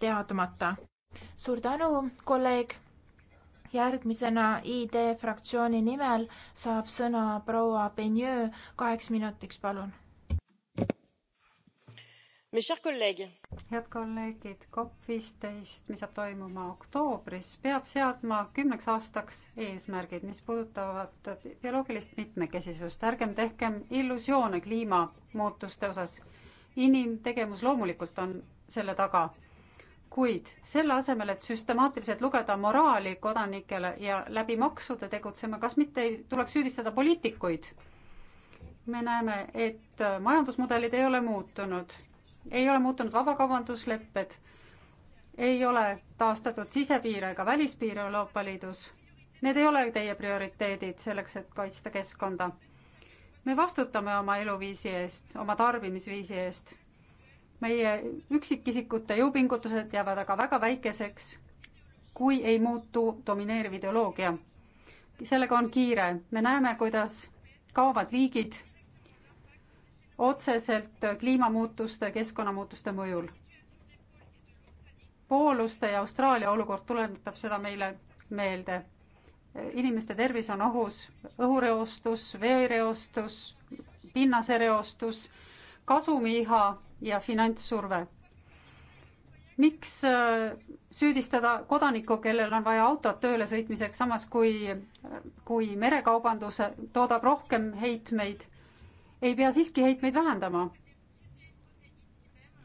teadmata. suur tänu, kolleeg. järgmisena ID fraktsiooni nimel saab sõna proua Benjö kaheks minutiks, palun. head kolleegid, COP viisteist, mis saab toimuma oktoobris, peab seadma kümneks aastaks eesmärgid, mis puudutavad bioloogilist mitmekesisust. ärgem tehkem illusioone kliimamuutuste osas. inimtegevus loomulikult on selle taga kuid selle asemel, et süstemaatiliselt lugeda moraali kodanikele ja läbi maksude tegutsema, kas mitte ei tuleks süüdistada poliitikuid? me näeme, et majandusmudelid ei ole muutunud, ei ole muutunud vabakaubanduslepped, ei ole taastatud sisepiire ega välispiire Euroopa Liidus. Need ei ole teie prioriteedid selleks, et kaitsta keskkonda. me vastutame oma eluviisi eest, oma tarbimisviisi eest meie üksikisikute jõupingutused jäävad aga väga väikeseks, kui ei muutu domineeriv ideoloogia. sellega on kiire, me näeme, kuidas kaovad liigid otseselt kliimamuutuste, keskkonnamuutuste mõjul. pooluste ja Austraalia olukord tuletab seda meile meelde. inimeste tervis on ohus, õhureostus, veereostus, pinnasereostus, kasumiiha ja finantssurve. miks äh, süüdistada kodanikku, kellel on vaja autot tööle sõitmiseks, samas kui, kui merekaubandus toodab rohkem heitmeid, ei pea siiski heitmeid vähendama?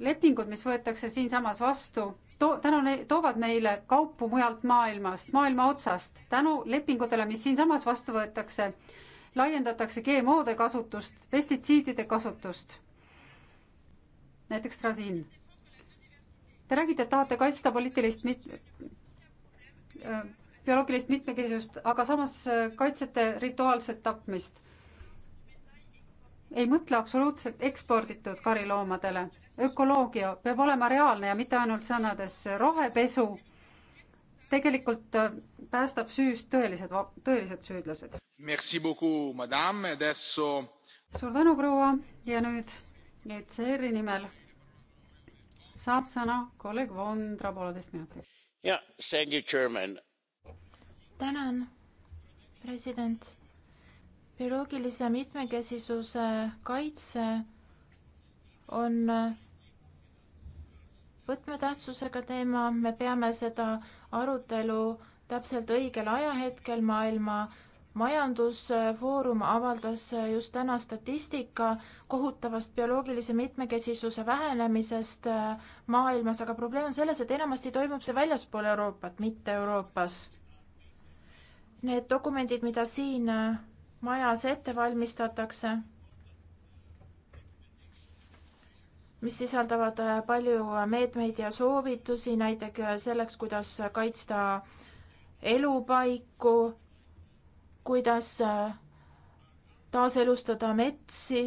lepingud, mis võetakse siinsamas vastu, to-, tänu ne-, toovad meile kaupu mujalt maailmast, maailma otsast. tänu lepingutele, mis siinsamas vastu võetakse, laiendatakse GMO-de kasutust, pestitsiidide kasutust näiteks Trasil. Te räägite, et tahate kaitsta poliitilist mit-, äh, bioloogilist mitmekesisust, aga samas äh, kaitsete rituaalset tapmist. ei mõtle absoluutselt eksporditud kariloomadele. ökoloogia peab olema reaalne ja mitte ainult sõnades rohepesu tegelikult äh, päästab süüst tõelised, tõelised süüdlased. suur tänu, proua ja nüüd ECR-i nimel saab sõna kolleeg Vondra pooleteist minutit. jah, thank you, chairman. tänan, president. bioloogilise mitmekesisuse kaitse on võtmetähtsusega teema, me peame seda arutelu täpselt õigel ajahetkel maailma majandusfoorum avaldas just täna statistika kohutavast bioloogilise mitmekesisuse vähenemisest äh, maailmas, aga probleem on selles, et enamasti toimub see väljaspool Euroopat, mitte Euroopas. Need dokumendid, mida siin äh, majas ette valmistatakse, mis sisaldavad äh, palju meetmeid ja soovitusi, näiteks selleks, kuidas kaitsta elupaiku kuidas äh, taaselustada metsi.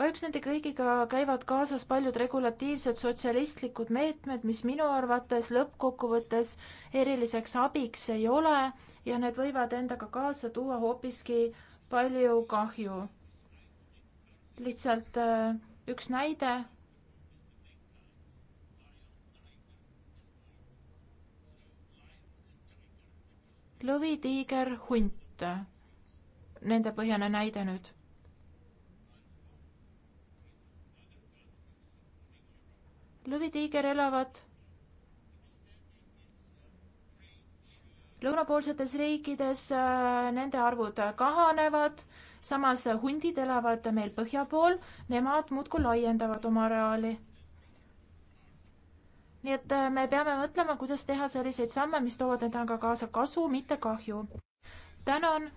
kahjuks nende kõigiga käivad kaasas paljud regulatiivsed sotsialistlikud meetmed, mis minu arvates lõppkokkuvõttes eriliseks abiks ei ole ja need võivad endaga kaasa tuua hoopiski palju kahju. lihtsalt äh, üks näide lõvi, tiiger, hunt. Nende põhjane näide nüüd. lõvi, tiiger elavad lõunapoolsetes riikides äh, nende arvud kahanevad, samas hundid elavad meil põhja pool, nemad muudkui laiendavad oma areaali nii et äh, me peame mõtlema, kuidas teha selliseid samme, mis toovad endaga kaasa kasu, mitte kahju. tänan,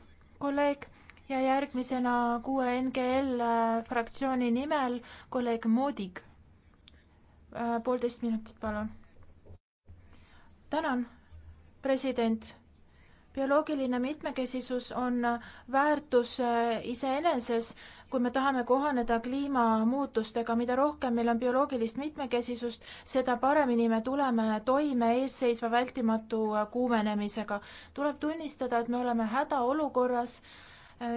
kolleeg ja järgmisena kuue NGL äh, fraktsiooni nimel kolleeg Moodik. Äh, poolteist minutit, palun. tänan, president. bioloogiline mitmekesisus on väärtus iseeneses kui me tahame kohaneda kliimamuutustega, mida rohkem meil on bioloogilist mitmekesisust, seda paremini me tuleme toime eesseisva vältimatu kuumenemisega. tuleb tunnistada, et me oleme hädaolukorras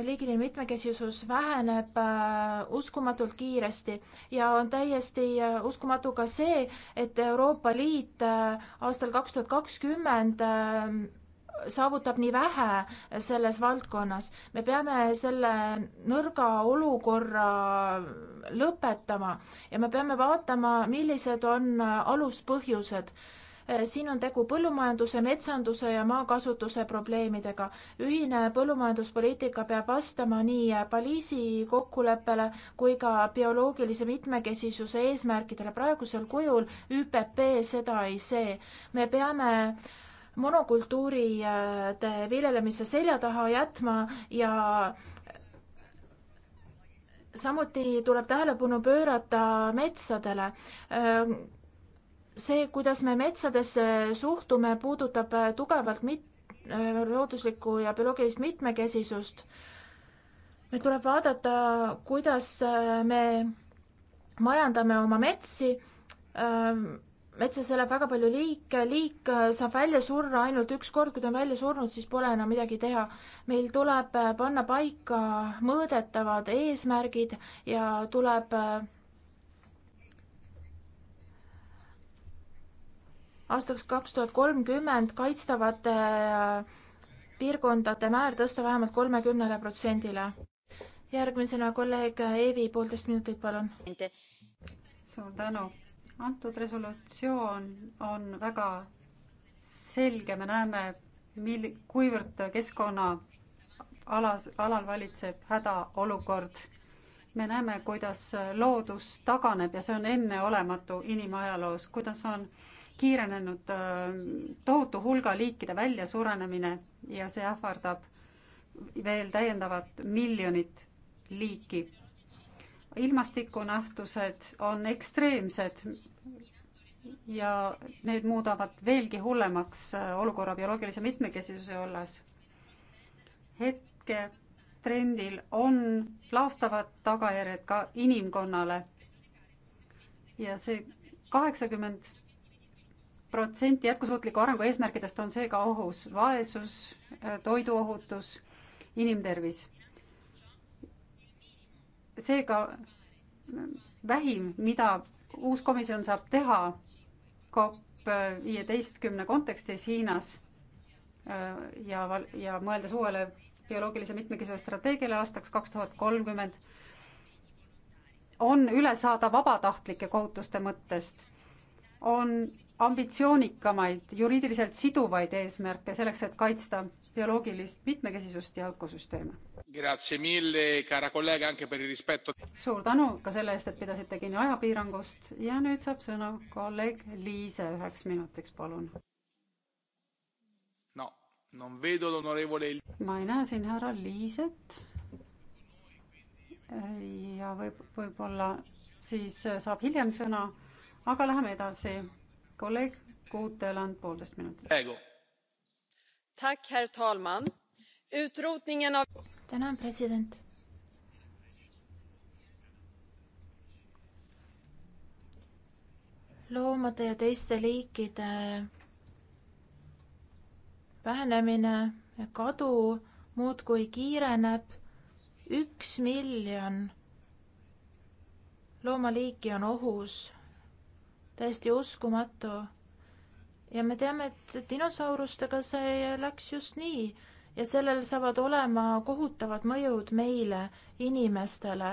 liigiline mitmekesisus väheneb äh, uskumatult kiiresti ja on täiesti äh, uskumatu ka see, et Euroopa Liit äh, aastal kaks tuhat kakskümmend saavutab nii vähe selles valdkonnas. me peame selle nõrga olukorra lõpetama ja me peame vaatama, millised on aluspõhjused siin on tegu põllumajanduse, metsanduse ja maakasutuse probleemidega. ühine põllumajanduspoliitika peab vastama nii Pariisi kokkuleppele kui ka bioloogilise mitmekesisuse eesmärkidele. praegusel kujul ÜPP seda ei see. me peame monokultuuride viljelemise selja taha jätma ja samuti tuleb tähelepanu pöörata metsadele see, kuidas me metsadesse suhtume, puudutab tugevalt mit-, looduslikku ja bioloogilist mitmekesisust. meil tuleb vaadata, kuidas me majandame oma metsi, metsas elab väga palju liike, liik äh, saab välja surra ainult üks kord, kui ta on välja surnud, siis pole enam midagi teha. meil tuleb äh, panna paika mõõdetavad eesmärgid ja tuleb äh, aastaks kaks tuhat kolmkümmend kaitstavate piirkondade määr tõsta vähemalt kolmekümnele protsendile. järgmisena kolleeg Eevi, poolteist minutit, palun. suur tänu antud resolutsioon on väga selge, me näeme, mil-, kuivõrd keskkonna alas, alal valitseb hädaolukord. me näeme, kuidas loodus taganeb ja see on enneolematu inimajaloos, kuidas on kiirenenud äh, tohutu hulga liikide väljasurenemine ja see ähvardab veel täiendavat miljonit liiki. ilmastikunähtused on ekstreemsed, ja need muudavad veelgi hullemaks äh, olukorra bioloogilise mitmekesisuse olles. hetke trendil on laastavad tagajärjed ka inimkonnale ja see kaheksakümmend protsenti jätkusuutliku arengu eesmärkidest on seega ohus vaesus, äh, toiduohutus, inimtervis. seega vähim, mida uus komisjon saab teha COP viieteistkümne kontekstis Hiinas äh, ja, ja mõeldes uuele bioloogilise mitmekesisuse strateegiale aastaks kaks tuhat kolmkümmend, on üle saada vabatahtlike kohutuste mõttest, on ambitsioonikamaid, juriidiliselt siduvaid eesmärke selleks, et kaitsta bioloogilist mitmekesisust ja ökosüsteeme suur tänu ka selle eest, et pidasite kinni ajapiirangust ja nüüd saab sõna kolleeg Liise üheks minutiks, palun. no, non vedo l'onorevole. ma ei näe siin härra Liiset. ja võib, võib-olla siis saab hiljem sõna, aga läheme edasi. kolleeg Kuuteland, poolteist minutit. herr talman, utrotningen av tänan, president. loomade ja teiste liikide vähenemine ja kadu muudkui kiireneb. üks miljon loomaliiki on ohus. täiesti uskumatu. ja me teame, et dinosaurustega see läks just nii ja sellel saavad olema kohutavad mõjud meile, inimestele.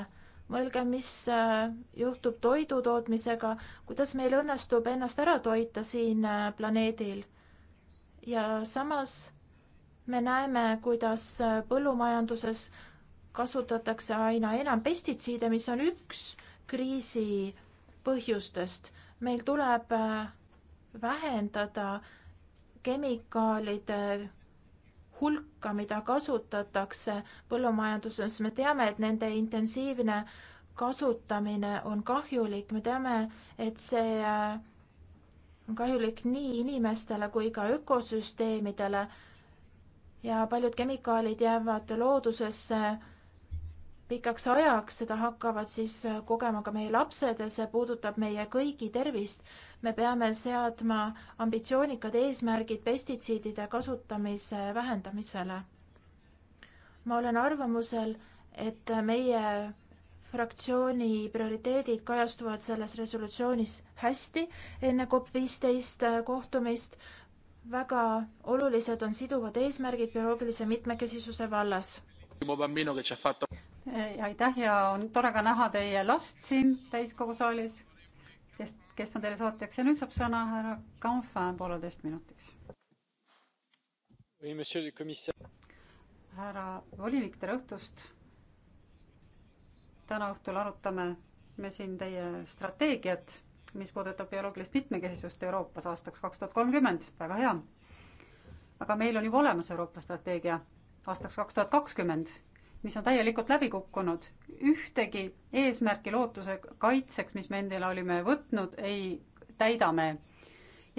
mõelge, mis äh, juhtub toidutootmisega, kuidas meil õnnestub ennast ära toita siin äh, planeedil. ja samas me näeme, kuidas äh, põllumajanduses kasutatakse aina enam pestitsiide, mis on üks kriisi põhjustest. meil tuleb vähendada kemikaalide hulka, mida kasutatakse põllumajanduses, me teame, et nende intensiivne kasutamine on kahjulik, me teame, et see äh, on kahjulik nii inimestele kui ka ökosüsteemidele ja paljud kemikaalid jäävad loodusesse pikaks ajaks, seda hakkavad siis äh, kogema ka meie lapsed ja see puudutab meie kõigi tervist me peame seadma ambitsioonikad eesmärgid pestitsiidide kasutamise vähendamisele. ma olen arvamusel, et meie fraktsiooni prioriteedid kajastuvad selles resolutsioonis hästi enne COP viisteist kohtumist. väga olulised on siduvad eesmärgid bioloogilise mitmekesisuse vallas. aitäh ja on tore ka näha teie last siin täiskogu saalis kes, kes on teile saatjaks ja nüüd saab sõna härra Canfin pooleteist minutiks. härra volinik, tere õhtust. täna õhtul arutame me siin teie strateegiat, mis puudutab bioloogilist mitmekesisust Euroopas aastaks kaks tuhat kolmkümmend, väga hea. aga meil on juba olemas Euroopa strateegia aastaks kaks tuhat kakskümmend mis on täielikult läbi kukkunud. ühtegi eesmärki lootuse kaitseks, mis me endile olime võtnud, ei täida me.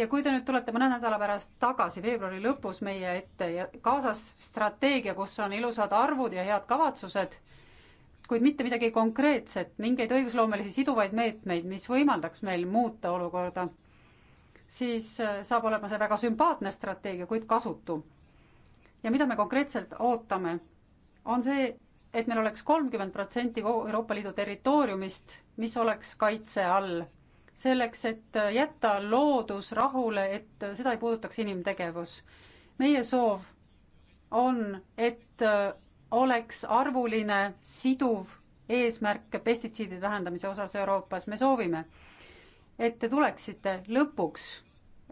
ja kui te nüüd tulete mõne nädala pärast tagasi veebruari lõpus meie ette ja kaasas strateegia, kus on ilusad arvud ja head kavatsused, kuid mitte midagi konkreetset, mingeid õigusloomelisi siduvaid meetmeid, mis võimaldaks meil muuta olukorda, siis äh, saab olema see väga sümpaatne strateegia, kuid kasutu. ja mida me konkreetselt ootame on see, et meil oleks kolmkümmend protsenti kogu Euroopa Liidu territooriumist, mis oleks kaitse all. selleks, et jätta loodus rahule, et seda ei puudutaks inimtegevus. meie soov on, et oleks arvuline siduv eesmärk pestitsiidide vähendamise osas Euroopas, me soovime, et te tuleksite lõpuks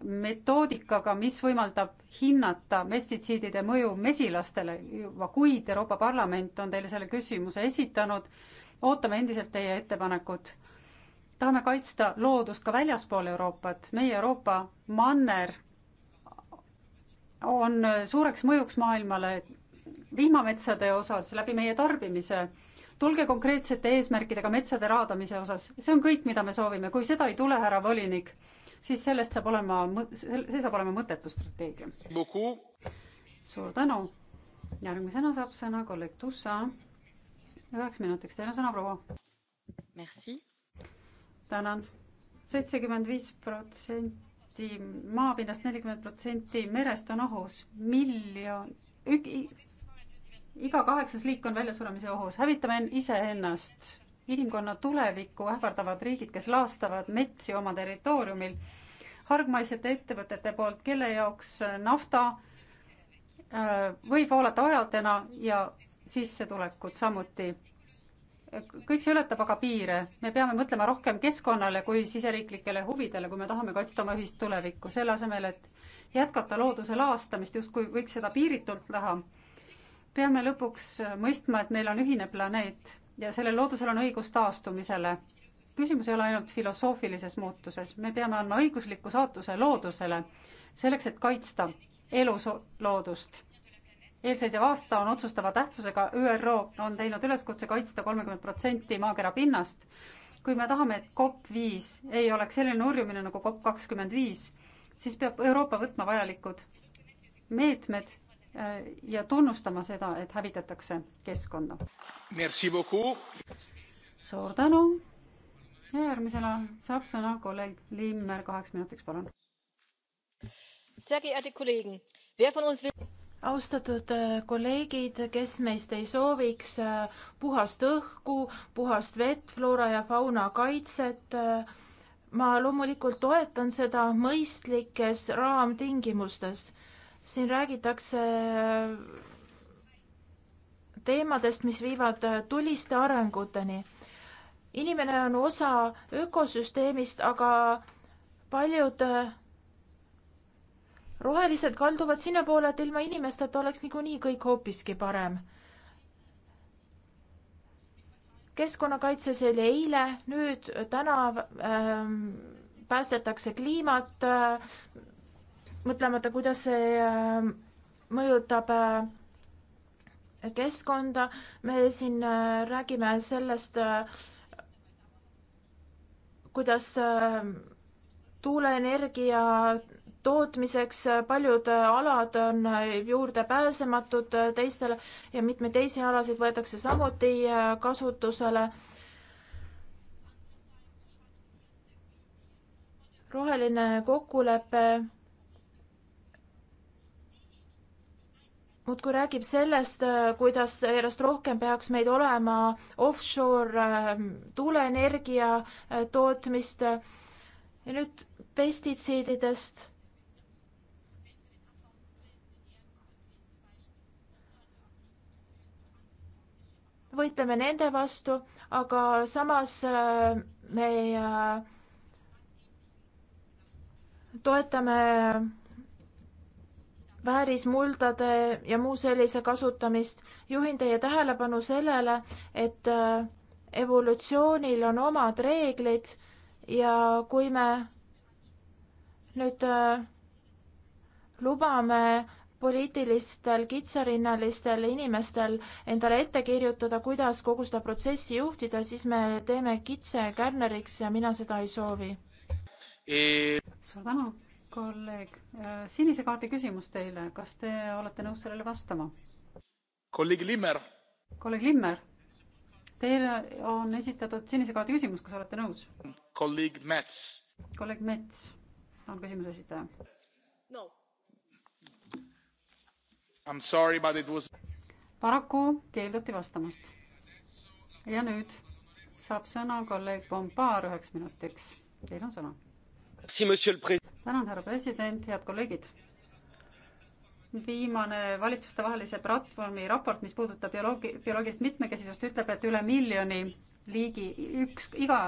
metoodikaga, mis võimaldab hinnata pestitsiidide mõju mesilastele. juba kuid Euroopa Parlament on teile selle küsimuse esitanud. ootame endiselt teie ettepanekut. tahame kaitsta loodust ka väljaspool Euroopat. meie Euroopa manner on suureks mõjuks maailmale vihmametsade osas läbi meie tarbimise tulge konkreetsete eesmärkidega metsade raadamise osas, see on kõik, mida me soovime, kui seda ei tule, härra volinik, siis sellest saab olema, see saab olema mõttetu strateegia. suur tänu. järgmisena saab sõna kolleeg Tussa. üheks minutiks, teil on sõna, proua. tänan. seitsekümmend viis protsenti maapinnast, nelikümmend protsenti merest on ohus. miljon, iga kaheksas liik on väljasuremise ohus. hävitame iseennast inimkonna tulevikku ähvardavad riigid, kes laastavad metsi oma territooriumil hargmaisete ettevõtete poolt, kelle jaoks nafta äh, võib voolata ajadena ja sissetulekud samuti. kõik see ületab aga piire, me peame mõtlema rohkem keskkonnale kui siseriiklikele huvidele, kui me tahame kaitsta oma ühist tulevikku, selle asemel, et jätkata looduse laastamist, justkui võiks seda piiritult teha. peame lõpuks mõistma, et meil on ühine planeet ja sellel loodusel on õigus taastumisele. küsimus ei ole ainult filosoofilises muutuses, me peame andma õigusliku saatuse loodusele, selleks et kaitsta elusloodust. eelseisev aasta on otsustava tähtsusega, ÜRO on teinud üleskutse kaitsta kolmekümmet protsenti maakera pinnast. kui me tahame, et COP viis ei oleks selline urjumine nagu COP kakskümmend viis, siis peab Euroopa võtma vajalikud meetmed Äh, ja tunnustama seda, et hävitatakse keskkonda. suur tänu. ja järgmisena saab sõna kolleeg Limmer kaheks minutiks, palun. austatud äh, kolleegid, kes meist ei sooviks äh, puhast õhku, puhast vett, floora ja fauna kaitset ma loomulikult toetan seda mõistlikes raamtingimustes siin räägitakse äh, teemadest, mis viivad äh, tuliste arenguteni. inimene on osa ökosüsteemist, aga paljud äh, rohelised kalduvad sinnapoole, et ilma inimesteta oleks niikuinii kõik hoopiski parem. keskkonnakaitse, see oli eile, nüüd täna ähm, päästetakse kliimat äh,, mõtlemata, kuidas see äh, mõjutab äh, keskkonda, me siin äh, räägime sellest, kuidas tuuleenergia tootmiseks paljud alad on juurdepääsematud teistele ja mitmeid teisi alasid võetakse samuti kasutusele. roheline kokkulepe muudkui räägib sellest, äh, kuidas järjest rohkem peaks meid olema offshore äh, tuuleenergia äh, tootmist ja nüüd pestitsiididest. võitleme nende vastu, aga samas me toetame väärismuldade ja muu sellise kasutamist. juhin teie tähelepanu sellele, et äh, evolutsioonil on omad reeglid ja kui me nüüd äh, lubame poliitilistel kitsarinnalistel inimestel endale ette kirjutada, kuidas kogu seda protsessi juhtida, siis me teeme kitse kärneriks ja mina seda ei soovi. suur tänu kolleeg, äh, sinise kaardi küsimus teile, kas te olete nõus sellele vastama? kolleeg Limmer. kolleeg Limmer, teile on esitatud sinise kaardi küsimus, kas olete nõus? kolleeg Mets. kolleeg Mets on küsimuse esitaja no.. Sorry, was... paraku keelduti vastamast. ja nüüd saab sõna kolleeg Pompaar üheks minutiks. Teil on sõna tänan, härra president, head kolleegid. viimane valitsustevahelise platvormi raport, mis puudutab bioloogi, bioloogilist mitmekesisust, ütleb, et üle miljoni liigi üks, iga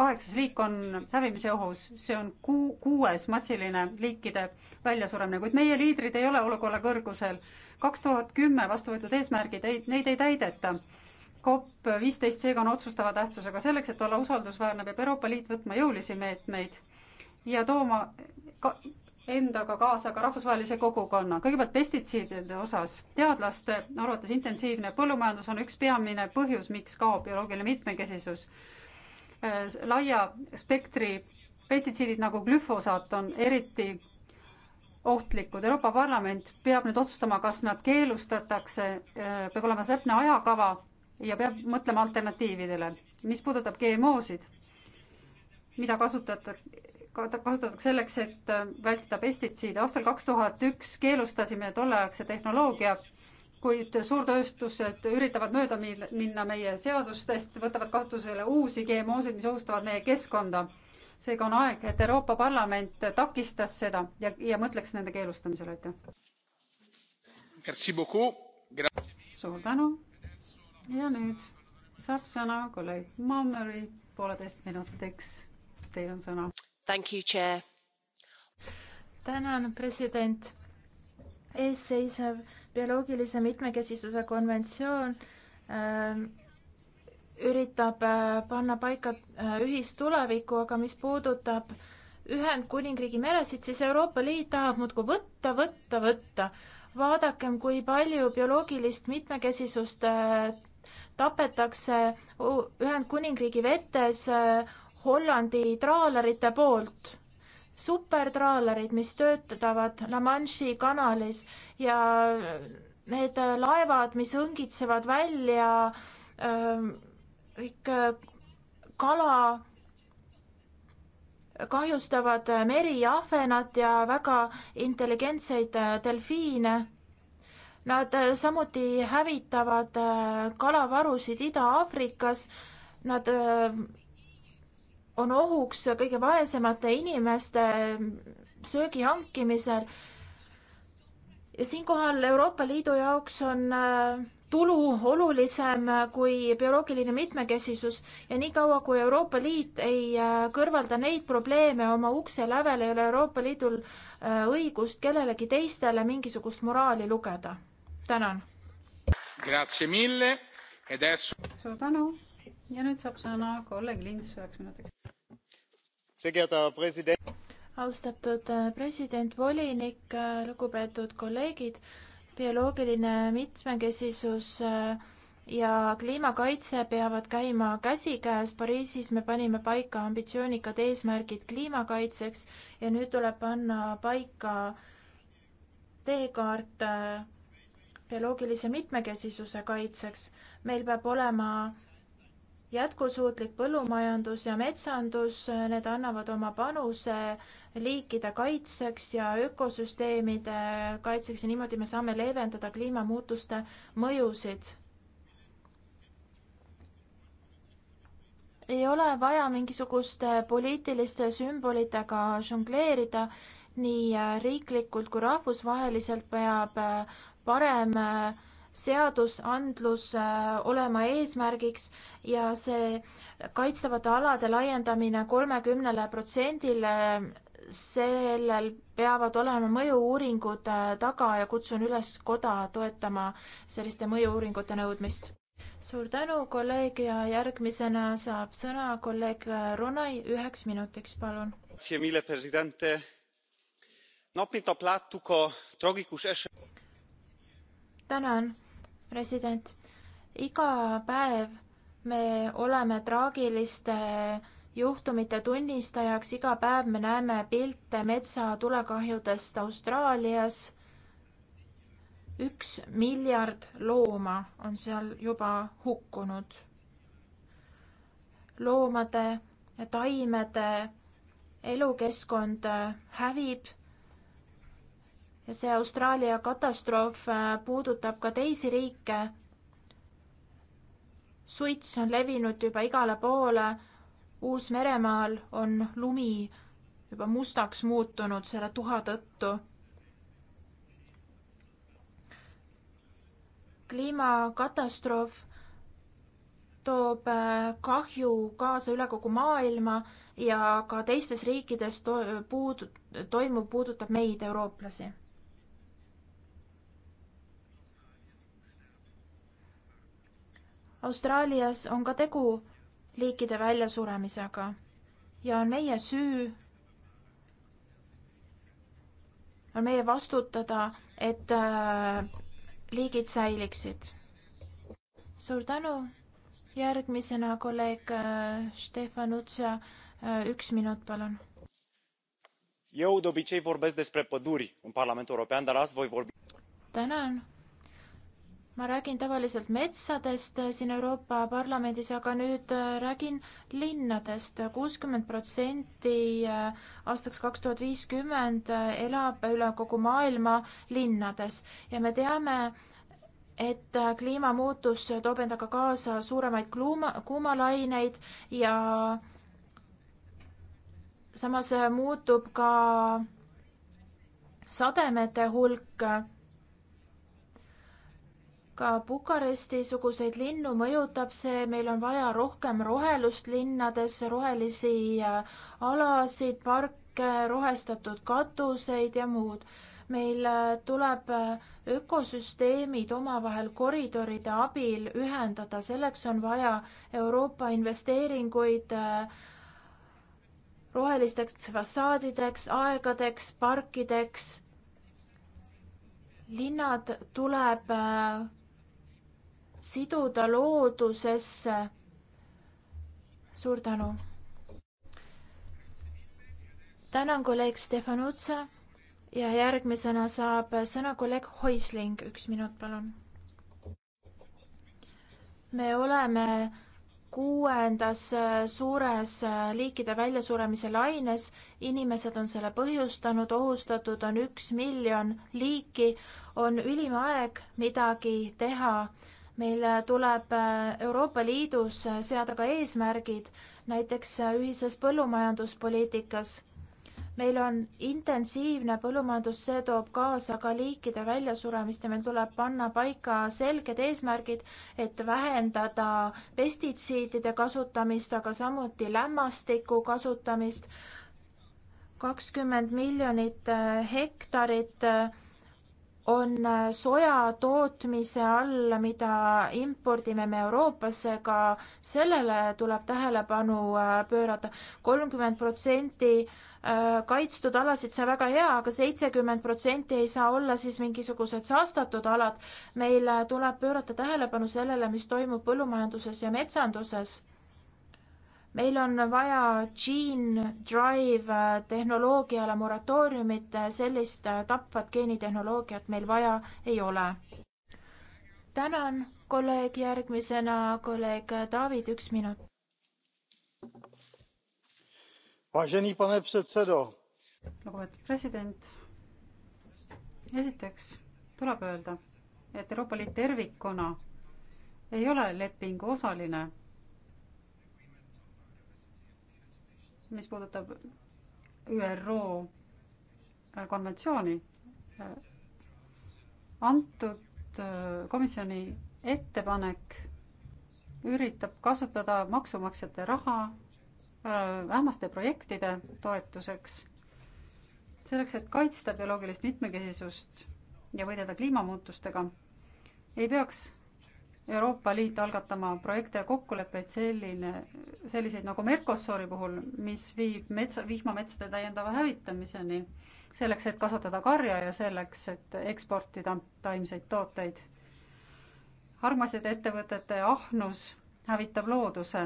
kaheksas liik on hävimise ohus, see on kuu, kuues massiline liikide väljasuremine, kuid meie liidrid ei ole olukorra kõrgusel. kaks tuhat kümme vastu võetud eesmärgid, ei, neid ei täideta. COP viisteist seega on otsustava tähtsusega selleks, et olla usaldusväärne, peab Euroopa Liit võtma jõulisi meetmeid ja tooma ka endaga kaasa ka rahvusvahelise kogukonna. kõigepealt pestitsiidide osas. teadlaste arvates intensiivne põllumajandus on üks peamine põhjus, miks kaob bioloogiline mitmekesisus. Äh, laia spektri pestitsiidid nagu glüfosaat on eriti ohtlikud. Euroopa Parlament peab nüüd otsustama, kas nad keelustatakse, äh, peab olema täpne ajakava ja peab mõtlema alternatiividele. mis puudutab GMO-sid, mida kasutatakse kasutatakse selleks, et äh, vältida pestitsiide. aastal kaks tuhat üks keelustasime tolleaegse tehnoloogia, kuid suurtööstused üritavad mööda minna meie seadustest, võtavad kasutusele uusi GMO-sid, mis ohustavad meie keskkonda. seega on aeg, et Euroopa Parlament takistas seda ja, ja mõtleks nende keelustamisele, aitäh. suur tänu. ja nüüd saab sõna kolleeg Mammeri pooleteist minutiks. Teil on sõna tänan, president. eesseisev bioloogilise mitmekesisuse konventsioon äh, üritab äh, panna paika äh, ühistulevikku, aga mis puudutab Ühendkuningriigi meresid, siis Euroopa Liit tahab muudkui võtta, võtta, võtta. vaadakem, kui palju bioloogilist mitmekesisust äh, tapetakse Ühendkuningriigi vetes äh, Hollandi traalerite poolt, supertraalerid, mis töötavad La Manche'i kanalis ja need laevad, mis õngitsevad välja ähm, kõik äh, kala, kahjustavad meriahvenat ja väga intelligentseid äh, delfiine Nad äh, samuti hävitavad äh, kalavarusid Ida-Aafrikas, nad on ohuks kõige vaesemate inimeste söögi hankimisel. ja siinkohal Euroopa Liidu jaoks on äh, tulu olulisem kui bioloogiline mitmekesisus ja niikaua, kui Euroopa Liit ei äh, kõrvalda neid probleeme oma ukse lävel, ei ole Euroopa Liidul äh, õigust kellelegi teistele mingisugust moraali lugeda. tänan. suur tänu ja nüüd saab sõna kolleeg Lints üheks minutiks. austatud äh, president, volinik, äh, lugupeetud kolleegid, bioloogiline mitmekesisus äh, ja kliimakaitse peavad käima käsikäes. Pariisis me panime paika ambitsioonikad eesmärgid kliimakaitseks ja nüüd tuleb panna paika teekaart bioloogilise mitmekesisuse kaitseks. meil peab olema jätkusuutlik põllumajandus ja metsandus, need annavad oma panuse liikide kaitseks ja ökosüsteemide kaitseks ja niimoodi me saame leevendada kliimamuutuste mõjusid. ei ole vaja mingisuguste poliitiliste sümbolitega žongleerida, nii riiklikult kui rahvusvaheliselt peab äh, parem äh, seadusandlus äh, olema eesmärgiks ja see kaitstavate alade laiendamine kolmekümnele protsendile, sellel peavad olema mõju-uuringud äh, taga ja kutsun üles koda toetama selliste mõju-uuringute nõudmist. suur tänu, kolleeg, ja järgmisena saab sõna kolleeg äh, Ronai üheks minutiks, palun. tänan president. iga päev me oleme traagiliste juhtumite tunnistajaks, iga päev me näeme pilte metsatulekahjudest Austraalias. üks miljard looma on seal juba hukkunud. loomade ja taimede elukeskkond hävib ja see Austraalia katastroof äh, puudutab ka teisi riike. suits on levinud juba igale poole. Uus-Meremaal on lumi juba mustaks muutunud selle tuha tõttu. kliimakatastroof toob äh, kahju kaasa üle kogu maailma ja ka teistes riikides to puud-, toimuv puudutab meid, eurooplasi Austraalias on ka tegu liikide väljasuremisega ja on meie süü, on meie vastutada, et äh, liigid säiliksid. suur tänu, järgmisena kolleeg äh, Stefan Utsa, äh, üks minut, palun. Eu de obicei vorbesc despre păduri în Parlamentul European, dar azi voi vorbi. Tänan ma räägin tavaliselt metsadest siin Euroopa Parlamendis, aga nüüd äh, räägin linnadest. kuuskümmend protsenti äh, aastaks kaks tuhat viiskümmend äh, elab üle kogu maailma linnades ja me teame, et kliimamuutus toob endaga kaasa suuremaid kluuma, kuumalaineid ja samas muutub ka sademete hulk ka Bukaresti-suguseid linnu mõjutab see, meil on vaja rohkem rohelust linnades, rohelisi äh, alasid, parke, rohestatud katuseid ja muud. meil äh, tuleb äh, ökosüsteemid omavahel koridoride abil ühendada, selleks on vaja Euroopa investeeringuid rohelisteks fassaadideks, aegadeks, parkideks. linnad tuleb siduda loodusesse. suur tänu. tänan kolleeg Stefan Utse ja järgmisena saab sõna kolleeg Hoisling, üks minut, palun. me oleme kuuendas suures liikide väljasuremise laines, inimesed on selle põhjustanud, ohustatud on üks miljon liiki, on ülim aeg midagi teha meil äh, tuleb äh, Euroopa Liidus äh, seada ka eesmärgid, näiteks ühises põllumajanduspoliitikas. meil on intensiivne põllumajandus, see toob kaasa ka liikide väljasuremist ja meil tuleb panna paika selged eesmärgid, et vähendada pestitsiidide kasutamist, aga samuti lämmastiku kasutamist. kakskümmend miljonit hektarit on äh, soja tootmise all, mida impordime me Euroopasse, ka sellele tuleb tähelepanu äh, pöörata. kolmkümmend protsenti äh, kaitstud alasid, see on väga hea aga, aga seitsekümmend protsenti ei saa olla siis mingisugused saastatud alad. meil tuleb pöörata tähelepanu sellele, mis toimub põllumajanduses ja metsanduses meil on vaja gene drive tehnoloogiale moratooriumit, sellist tapvat geenitehnoloogiat meil vaja ei ole. tänan, kolleeg, järgmisena kolleeg David, üks minut. lugupeetud president, esiteks tuleb öelda, et Euroopa Liit tervikuna ei ole lepingu osaline mis puudutab ÜRO konventsiooni. antud äh, komisjoni ettepanek üritab kasutada maksumaksjate raha ähmaste projektide toetuseks, selleks, et kaitsta bioloogilist mitmekesisust ja võidelda kliimamuutustega, ei peaks Euroopa Liit algatama projekte ja kokkuleppeid selline, selliseid nagu Mercosuri puhul, mis viib metsa, vihmametsade täiendava hävitamiseni, selleks, et kasvatada karja ja selleks, et eksportida taimseid tooteid. armaside ettevõtete ahnus hävitab looduse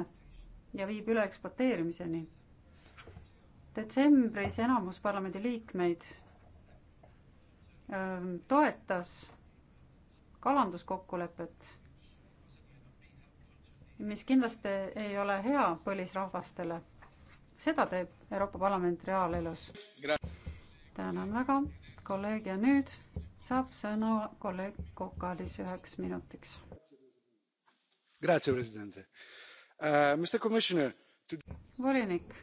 ja viib üle ekspluateerimiseni. detsembris enamus parlamendi liikmeid öö, toetas kalanduskokkulepet mis kindlasti ei ole hea põlisrahvastele. seda teeb Euroopa Parlament reaalelus. tänan väga, kolleeg, ja nüüd saab sõna kolleeg Kokalis üheks minutiks. Eh, volinik,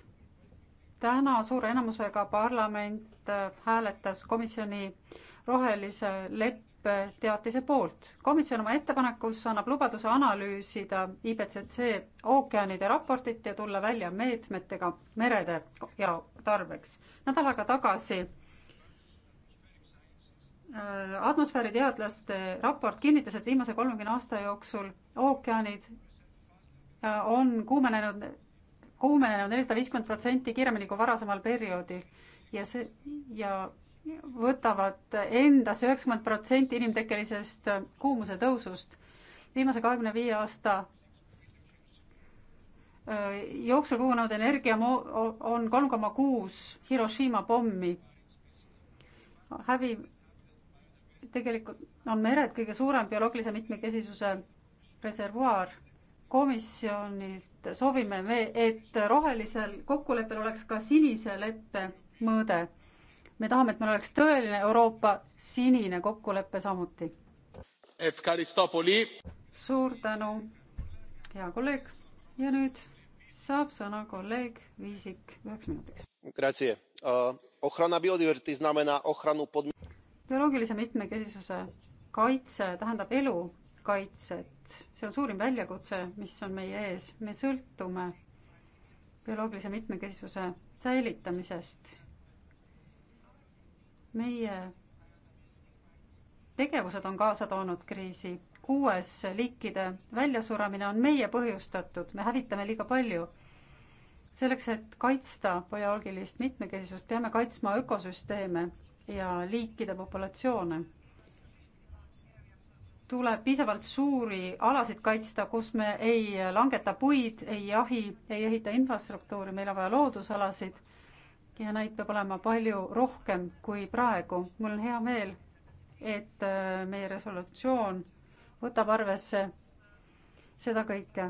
täna suure enamusega parlament eh, hääletas komisjoni rohelise leppe teatise poolt. komisjon oma ettepanekus annab lubaduse analüüsida IPCC ookeanide raportit ja tulla välja meetmetega merede ja tarbeks. nädal aega tagasi äh, atmosfääri teadlaste raport kinnitas, et viimase kolmekümne aasta jooksul ookeanid äh, on kuumenenud, kuumenenud nelisada viiskümmend protsenti kiiremini kui varasemal perioodil ja see ja võtavad endasse üheksakümmend protsenti inimtekkelisest kuumuse tõusust. viimase kahekümne viie aasta jooksul kujunenud energia on kolm koma kuus Hiroshima pommi. hävi, tegelikult on mered kõige suurem bioloogilise mitmekesisuse reservuaar. komisjonilt soovime me, et rohelisel kokkuleppel oleks ka sinise leppe mõõde me tahame, et meil oleks tõeline Euroopa sinine kokkulepe samuti. suur tänu, hea kolleeg. ja nüüd saab sõna kolleeg Viisik üheks minutiks. bioloogilise mitmekesisuse kaitse tähendab elu kaitset, see on suurim väljakutse, mis on meie ees, me sõltume bioloogilise mitmekesisuse säilitamisest meie tegevused on kaasa toonud kriisi. kuues liikide väljasuramine on meie põhjustatud, me hävitame liiga palju. selleks, et kaitsta bioloogilist mitmekesisust, peame kaitsma ökosüsteeme ja liikide populatsioone. tuleb piisavalt suuri alasid kaitsta, kus me ei langeta puid, ei jahi, ei ehita infrastruktuuri, meil on vaja loodusalasid ja neid peab olema palju rohkem kui praegu. mul on hea meel, et äh, meie resolutsioon võtab arvesse seda kõike.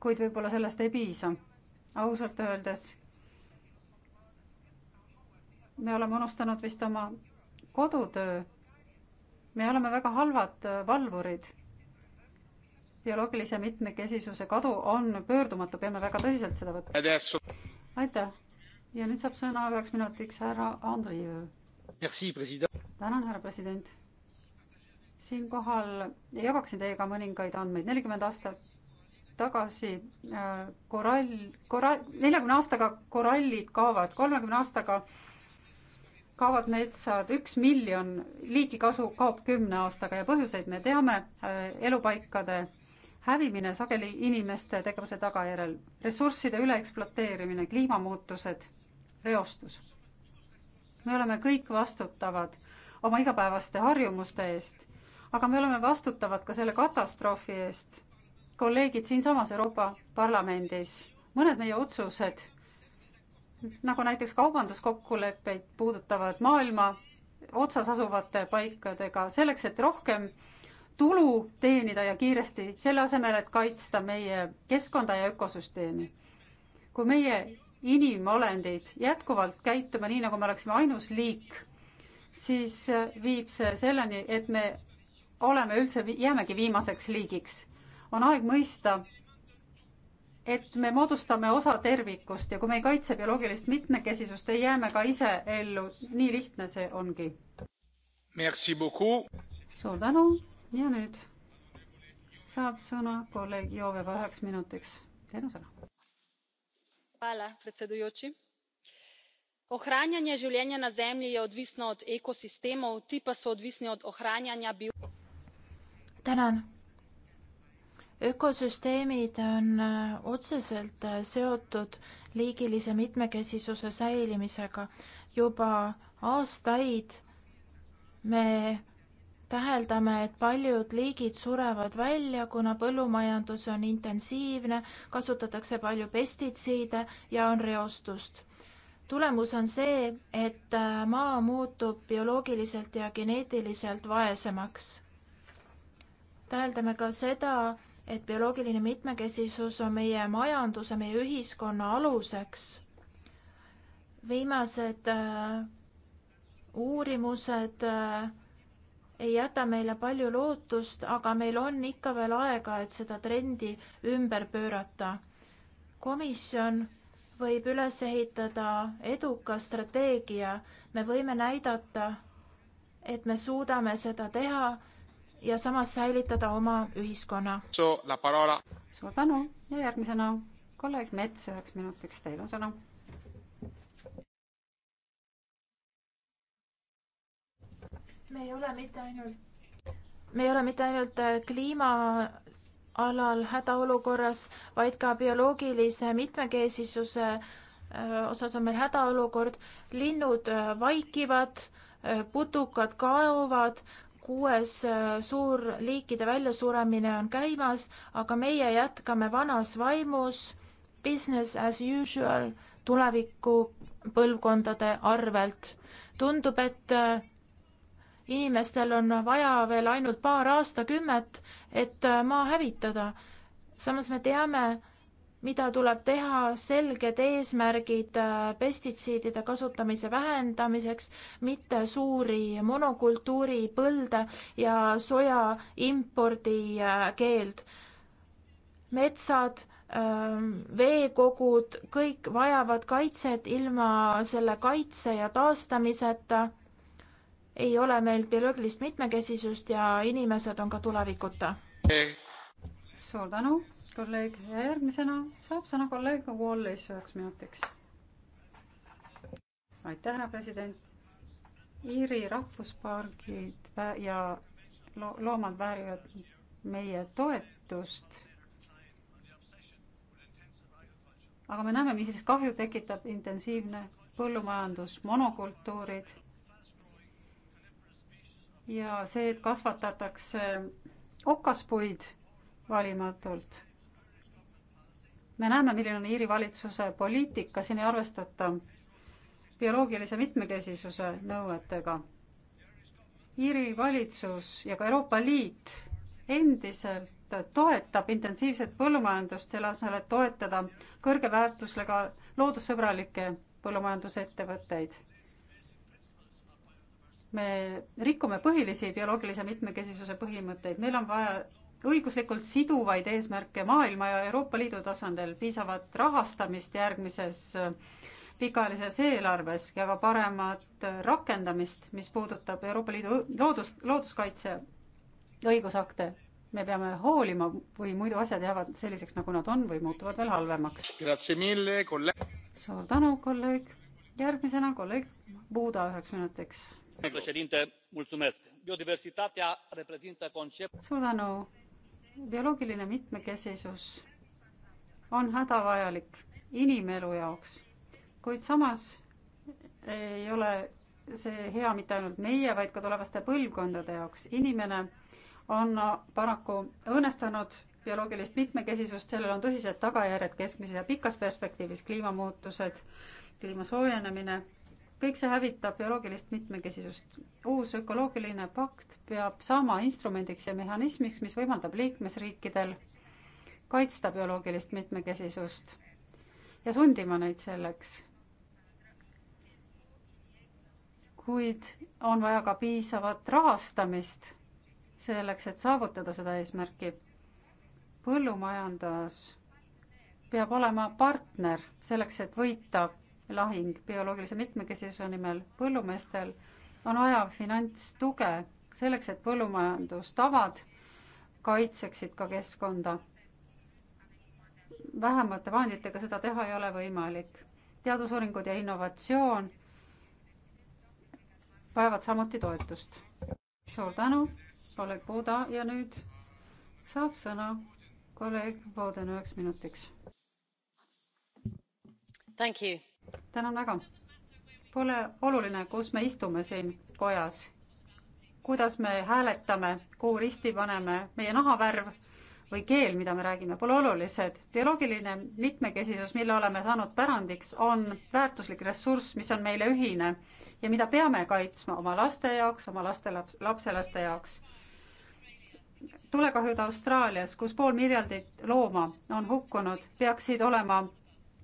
kuid võib-olla sellest ei piisa. ausalt öeldes me oleme unustanud vist oma kodutöö. me oleme väga halvad äh, valvurid. bioloogilise mitmekesisuse kadu on pöördumatu, peame väga tõsiselt seda võtma. aitäh ja nüüd saab sõna üheks minutiks härra Andriiv. tänan, härra president. siinkohal jagaksin teiega mõningaid andmeid. nelikümmend aastat tagasi äh, korall, korall, neljakümne aastaga korallid kaovad, kolmekümne aastaga kaovad metsad, üks miljon liigikasu kaob kümne aastaga ja põhjuseid me teame, äh, elupaikade hävimine sageli inimeste tegevuse tagajärjel, ressursside üleekspluateerimine, kliimamuutused reostus. me oleme kõik vastutavad oma igapäevaste harjumuste eest, aga me oleme vastutavad ka selle katastroofi eest. kolleegid siinsamas Euroopa Parlamendis, mõned meie otsused, nagu näiteks kaubanduskokkuleppeid puudutavad maailma otsas asuvate paikadega, selleks et rohkem tulu teenida ja kiiresti, selle asemel, et kaitsta meie keskkonda ja ökosüsteemi. kui meie inimolendeid jätkuvalt käituma nii, nagu me oleksime ainus liik, siis äh, viib see selleni, et me oleme üldse, jäämegi viimaseks liigiks. on aeg mõista, et me moodustame osa tervikust ja kui me ei kaitse bioloogilist mitmekesisust, ei jää me ka ise ellu. nii lihtne see ongi. suur tänu ja nüüd saab sõna kolleeg Jooveva üheks minutiks. Teil on sõna ohranjanje življenja na zemlji je odvisno od ekosistemov ti pa so odvisni od ohranjanja. tänan! ökosüsteemid on äh, otseselt äh, seotud liigilise mitmekesisuse säilimisega. juba aastaid me täheldame, et paljud liigid surevad välja, kuna põllumajandus on intensiivne, kasutatakse palju pestitsiide ja on reostust. tulemus on see, et äh, maa muutub bioloogiliselt ja geneetiliselt vaesemaks. täheldame ka seda, et bioloogiline mitmekesisus on meie majanduse, meie ühiskonna aluseks. viimased äh, uurimused äh, ei jäta meile palju lootust, aga meil on ikka veel aega, et seda trendi ümber pöörata. komisjon võib üles ehitada eduka strateegia, me võime näidata, et me suudame seda teha ja samas säilitada oma ühiskonna. suur tänu ja järgmisena kolleeg Mets üheks minutiks, teil on sõna me ei ole mitte ainult, me ei ole mitte ainult äh, kliima alal hädaolukorras, vaid ka bioloogilise mitmekesisuse äh, osas on meil hädaolukord. linnud äh, vaikivad, putukad kaovad, kuues suurliikide väljasuremine on käimas, aga meie jätkame vanas vaimus, business as usual, tuleviku põlvkondade arvelt. tundub, et inimestel on vaja veel ainult paar aastakümmet, et äh, maa hävitada. samas me teame, mida tuleb teha, selged eesmärgid äh, pestitsiidide kasutamise vähendamiseks, mitte suuri monokultuuri põlde ja soja impordi äh, keeld. metsad, ähm, veekogud, kõik vajavad kaitset ilma selle kaitse ja taastamiseta ei ole meil bioloogilist mitmekesisust ja inimesed on ka tulevikuta. suur tänu, kolleeg ja järgmisena saab sõna kolleeg Wallis üheks minutiks. aitäh, härra president. Iiri rahvuspargid ja lo loomad väärivad meie toetust. aga me näeme, millist kahju tekitab intensiivne põllumajandus, monokultuurid ja see, et kasvatatakse okaspuid valimatult. me näeme, milline on Iiri valitsuse poliitika, siin ei arvestata bioloogilise mitmekesisuse nõuetega. Iiri valitsus ja ka Euroopa Liit endiselt toetab intensiivset põllumajandust, selle asemel, et toetada kõrge väärtusega loodussõbralikke põllumajandusettevõtteid me rikume põhilisi bioloogilise mitmekesisuse põhimõtteid, meil on vaja õiguslikult siduvaid eesmärke maailma ja Euroopa Liidu tasandil, piisavat rahastamist järgmises äh, pikaajalises eelarves ja ka paremat äh, rakendamist, mis puudutab Euroopa Liidu loodus, looduskaitse õigusakte. me peame hoolima või muidu asjad jäävad selliseks, nagu nad on või muutuvad veel halvemaks. suur tänu, kolleeg. järgmisena kolleeg Buda üheks minutiks domnule președinte biodiversitatea reprezintă conceptul. suur tänu! bioloogiline mitmekesisus on hädavajalik inimelu jaoks, kuid samas ei ole see hea mitte ainult meie, vaid ka tulevaste põlvkondade jaoks. inimene on paraku õõnestanud bioloogilist mitmekesisust, sellel on tõsised tagajärjed keskmises ja pikas perspektiivis, kliimamuutused, kliima soojenemine kõik see hävitab bioloogilist mitmekesisust. uus ökoloogiline pakt peab saama instrumendiks ja mehhanismiks, mis võimaldab liikmesriikidel kaitsta bioloogilist mitmekesisust ja sundima neid selleks. kuid on vaja ka piisavat rahastamist selleks, et saavutada seda eesmärki. põllumajandus peab olema partner selleks, et võita lahing bioloogilise mitmekesisuse nimel. põllumeestel on vaja finantstuge selleks, et põllumajandustavad kaitseksid ka keskkonda. vähemate vahenditega seda teha ei ole võimalik. teadusuuringud ja innovatsioon vajavad samuti toetust. suur tänu, kolleeg Puda ja nüüd saab sõna kolleeg Voden üheks minutiks. Thank you tänan väga. Pole oluline, kus me istume siin kojas, kuidas me hääletame, kuhu risti paneme, meie nahavärv või keel, mida me räägime, pole olulised. bioloogiline mitmekesisus, mille oleme saanud pärandiks, on väärtuslik ressurss, mis on meile ühine ja mida peame kaitsma oma laste jaoks, oma lastelaps, lapselaste jaoks. tulekahjud Austraalias, kus pool miljardit looma on hukkunud, peaksid olema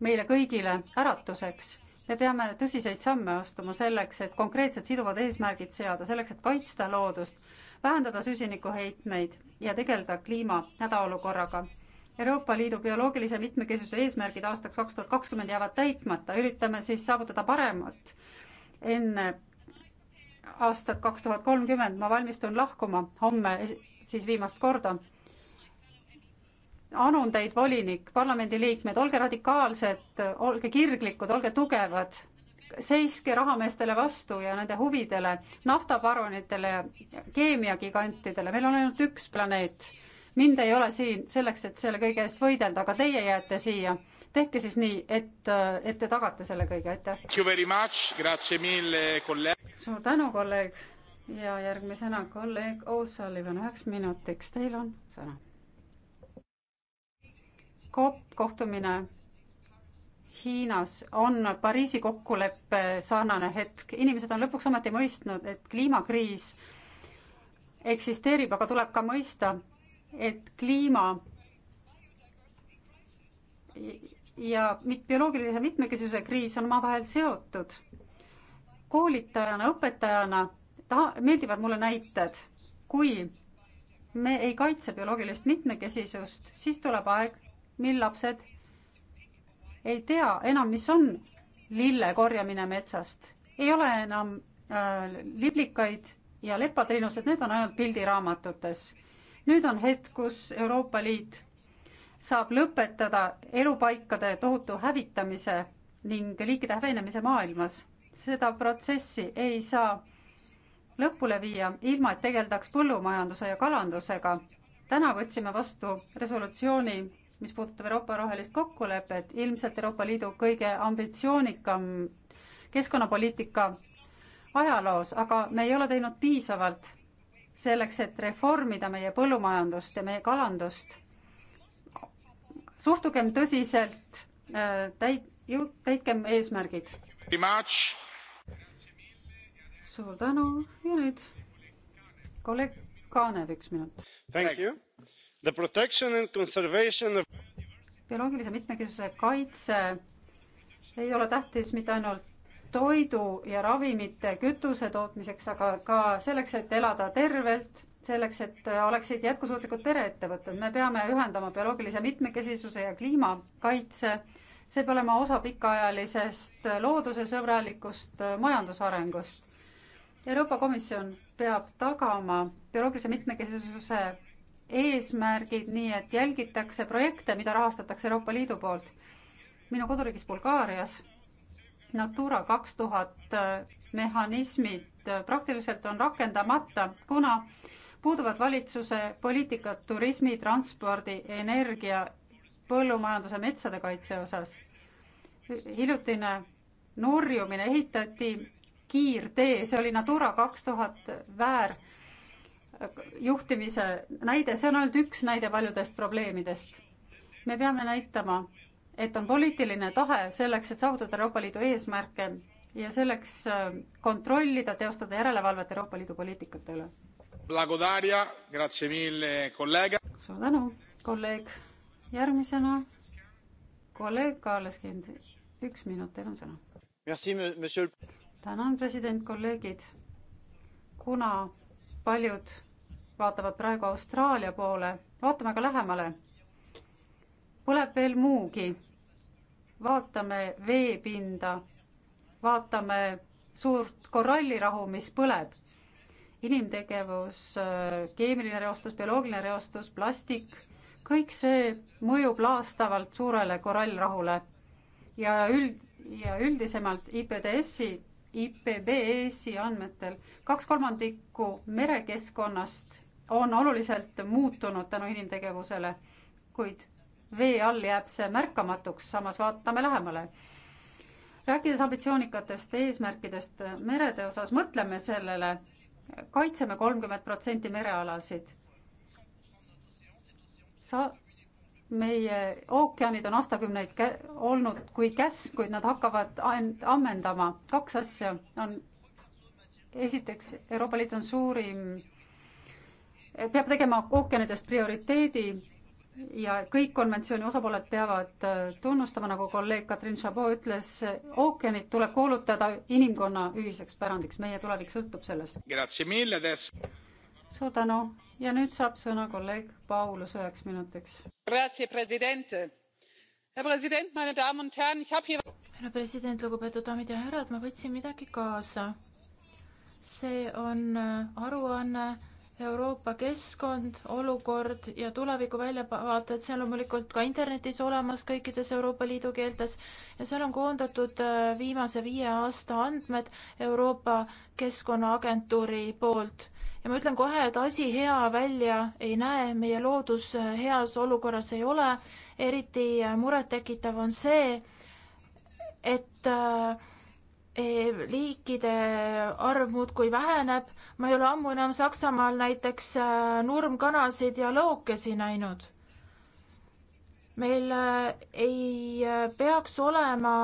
meile kõigile äratuseks. me peame tõsiseid samme astuma selleks, et konkreetsed siduvad eesmärgid seada, selleks, et kaitsta loodust, vähendada süsinikuheitmeid ja tegeleda kliima hädaolukorraga. Euroopa Liidu bioloogilise mitmekesisuse eesmärgid aastaks kaks tuhat kakskümmend jäävad täitmata, üritame siis saavutada paremat enne aastat kaks tuhat kolmkümmend, ma valmistun lahkuma homme siis viimast korda anun teid, volinik, parlamendiliikmed, olge radikaalsed, olge kirglikud, olge tugevad, seiske rahameestele vastu ja nende huvidele, naftaparonitele, keemiagigantidele, meil on ainult üks planeet. mind ei ole siin selleks, et selle kõige eest võidelda, aga teie jääte siia. tehke siis nii, et, et te tagate selle kõige, aitäh. suur tänu, kolleeg ja järgmisena kolleeg O'Sullivan üheks minutiks, teil on sõna COP kohtumine Hiinas on Pariisi kokkuleppe sarnane hetk. inimesed on lõpuks ometi mõistnud, et kliimakriis eksisteerib, aga tuleb ka mõista, et kliima ja bioloogilise mitmekesisuse kriis on omavahel seotud. koolitajana, õpetajana taha, meeldivad mulle näited. kui me ei kaitse bioloogilist mitmekesisust, siis tuleb aeg mil lapsed ei tea enam, mis on lille korjamine metsast, ei ole enam äh, liblikaid ja lepatriinused, need on ainult pildiraamatutes. nüüd on hetk, kus Euroopa Liit saab lõpetada elupaikade tohutu hävitamise ning liikide hävenemise maailmas. seda protsessi ei saa lõpule viia, ilma et tegeldaks põllumajanduse ja kalandusega. täna võtsime vastu resolutsiooni mis puudutab Euroopa rohelist kokkulepet, ilmselt Euroopa Liidu kõige ambitsioonikam keskkonnapoliitika ajaloos, aga me ei ole teinud piisavalt selleks, et reformida meie põllumajandust ja meie kalandust. suhtugem tõsiselt, äh, täit-, jõud-, täitkem eesmärgid. suur tänu ja nüüd kolleeg Kaanev, üks minut bioloogilise mitmekesisuse kaitse ei ole tähtis mitte ainult toidu ja ravimite kütuse tootmiseks, aga ka selleks, et elada tervelt, selleks, et oleksid jätkusuutlikud pereettevõtted. me peame ühendama bioloogilise mitmekesisuse ja kliimakaitse. see peab olema osa pikaajalisest loodusesõbralikust majandusarengust. Euroopa Komisjon peab tagama bioloogilise mitmekesisuse eesmärgid, nii et jälgitakse projekte, mida rahastatakse Euroopa Liidu poolt. minu koduriigis Bulgaarias Natura kaks tuhat äh, mehhanismid äh, praktiliselt on rakendamata, kuna puuduvad valitsuse poliitikad turismi, transpordi, energia, põllumajanduse, metsade kaitse osas. hiljutine nurjumine ehitati kiirtee, see oli Natura kaks tuhat väär juhtimise näide, see on ainult üks näide paljudest probleemidest. me peame näitama, et on poliitiline tahe selleks, et saavutada Euroopa Liidu eesmärke ja selleks äh, kontrollida, teostada järelevalvet Euroopa Liidu poliitikate üle. suur tänu, kolleeg. järgmisena kolleeg Kaarles Kind, üks minut, teil on sõna. tänan, president, kolleegid. kuna paljud vaatavad praegu Austraalia poole, vaatame aga lähemale. põleb veel muugi. vaatame veepinda, vaatame suurt korallirahu, mis põleb. inimtegevus, keemiline reostus, bioloogiline reostus, plastik, kõik see mõjub laastavalt suurele korallrahule ja üld, ja üldisemalt IPDS-i IPBES-i andmetel kaks kolmandikku merekeskkonnast on oluliselt muutunud tänu inimtegevusele, kuid vee all jääb see märkamatuks, samas vaatame lähemale. rääkides ambitsioonikatest eesmärkidest merede osas, mõtleme sellele kaitseme, kaitseme kolmkümmend protsenti merealasid. sa, meie ookeanid on aastakümneid kä-, olnud kui käsk, kuid nad hakkavad end ammendama. kaks asja on, esiteks Euroopa Liit on suurim peab tegema ookeanidest prioriteedi ja kõik konventsiooni osapooled peavad äh, tunnustama, nagu kolleeg Katrin Chabot ütles, ookeanid tuleb kuulutada inimkonna ühiseks pärandiks, meie tulevik sõltub sellest. suur tänu ja nüüd saab sõna kolleeg Paulus üheks minutiks. härra president, lugupeetud daamid ja härrad, ma võtsin midagi kaasa. see on äh, aruanne on Euroopa keskkond, olukord ja tuleviku väljavaated, see on loomulikult ka internetis olemas kõikides Euroopa Liidu keeltes ja seal on koondatud äh, viimase viie aasta andmed Euroopa Keskkonnaagentuuri poolt. ja ma ütlen kohe, et asi hea välja ei näe, meie loodus äh, heas olukorras ei ole, eriti äh, murettekitav on see, et äh, Eh, liikide arv muudkui väheneb. ma ei ole ammu enam Saksamaal näiteks äh, nurmkanasid ja lõokesi näinud. meil äh, ei äh, peaks olema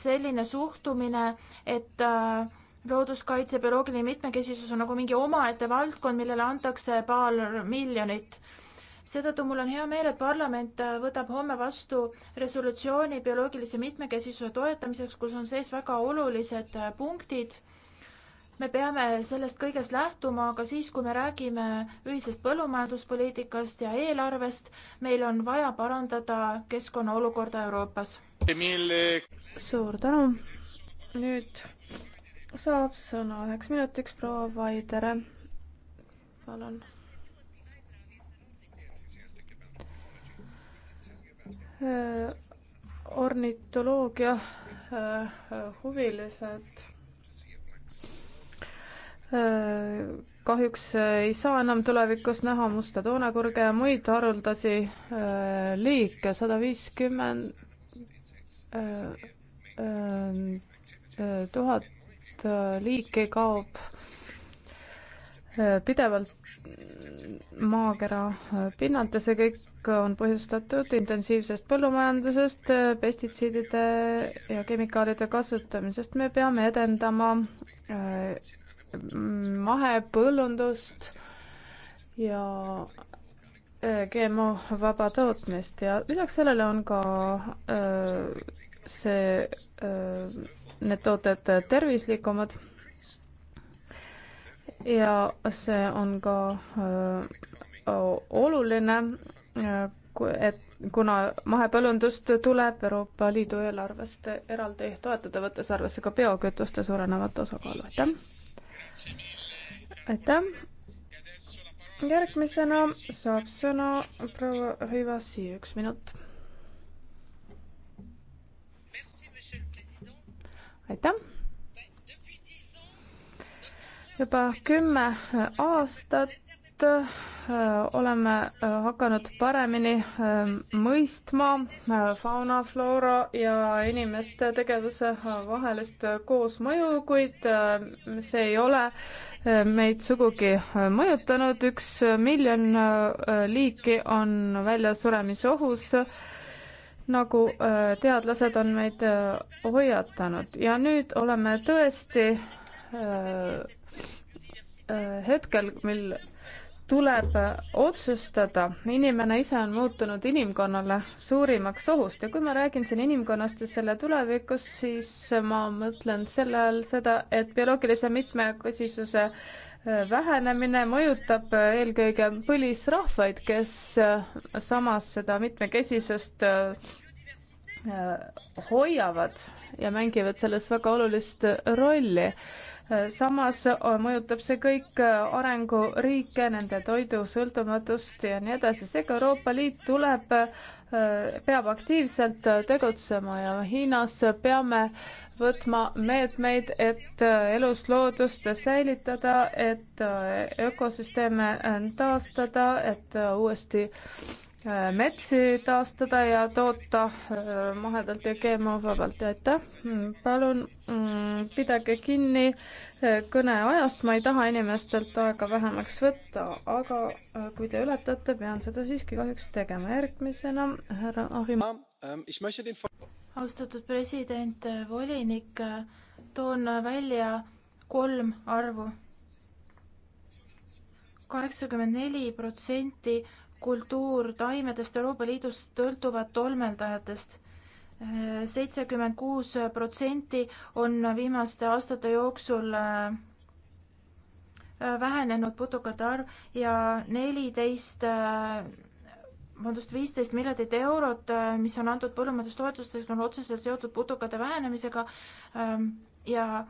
selline suhtumine, et looduskaitse bioloogiline mitmekesisus on nagu mingi omaette valdkond, millele antakse paar miljonit seetõttu mul on hea meel, et parlament äh, võtab homme vastu resolutsiooni bioloogilise mitmekesisuse toetamiseks, kus on sees väga olulised äh, punktid. me peame sellest kõigest lähtuma ka siis, kui me räägime ühisest põllumajanduspoliitikast ja eelarvest. meil on vaja parandada keskkonna olukorda Euroopas. suur tänu. nüüd saab sõna üheks minutiks proua Vaidere. palun Äh, ornitoloogia äh, huvilised äh, kahjuks ei saa enam tulevikus näha musta toonekurge ja muid haruldasi liike, sada viiskümmend tuhat liiki kaob pidevalt maakera pinnalt ja see kõik on põhjustatud intensiivsest põllumajandusest, pestitsiidide ja kemikaalide kasutamisest. me peame edendama äh, mahepõllundust ja äh, GMO-vaba tootmist ja lisaks sellele on ka öö, äh, see, need tooted tervislikumad ja see on ka äh, oluline, äh, et kuna mahepõllundust tuleb Euroopa Liidu eelarvest eraldi toetada, võttes arvesse ka biokütuste suurenevat osakaalu, aitäh. aitäh. järgmisena saab sõna proua Rivasi, üks minut. aitäh juba kümme aastat äh, oleme äh, hakanud paremini äh, mõistma fauna, floora ja inimeste tegevuse vahelist koosmõju, kuid see ei ole meid sugugi mõjutanud. üks miljon liiki on väljasuremise ohus, nagu teadlased on meid hoiatanud ja nüüd oleme tõesti Äh, hetkel, mil tuleb otsustada, inimene ise on muutunud inimkonnale suurimaks ohust ja kui ma räägin siin inimkonnast ja selle tulevikust, siis ma mõtlen selle all seda, et bioloogilise mitmekesisuse äh, vähenemine mõjutab äh, eelkõige põlisrahvaid, kes samas seda mitmekesisust hoiavad ja mängivad selles väga olulist rolli samas äh, mõjutab see kõik äh, arenguriike, nende toidusõltumatust ja nii edasi, seega Euroopa Liit tuleb, äh, peab aktiivselt tegutsema ja Hiinas peame võtma meetmeid, et elusloodust säilitada, et ökosüsteeme taastada, et uuesti Äh, metsi taastada ja toota äh, mahedalt ja GMO-vabalt ja aitäh. Mm, palun mm, pidage kinni äh, kõneajast, ma ei taha inimestelt aega vähemaks võtta, aga kui te ületate, pean seda siiski kahjuks tegema. järgmisena härra Ahim. Ähm, austatud president, volinik, toon välja kolm arvu. kaheksakümmend neli protsenti kultuurtaimedest Euroopa Liidus tõltuvad tolmeldajatest. seitsekümmend kuus protsenti on viimaste aastate jooksul äh, vähenenud putukate arv ja neliteist äh, vabandust, viisteist miljardit eurot, äh, mis on antud põllumajandustoetusteks, on otseselt seotud putukate vähenemisega ähm, ja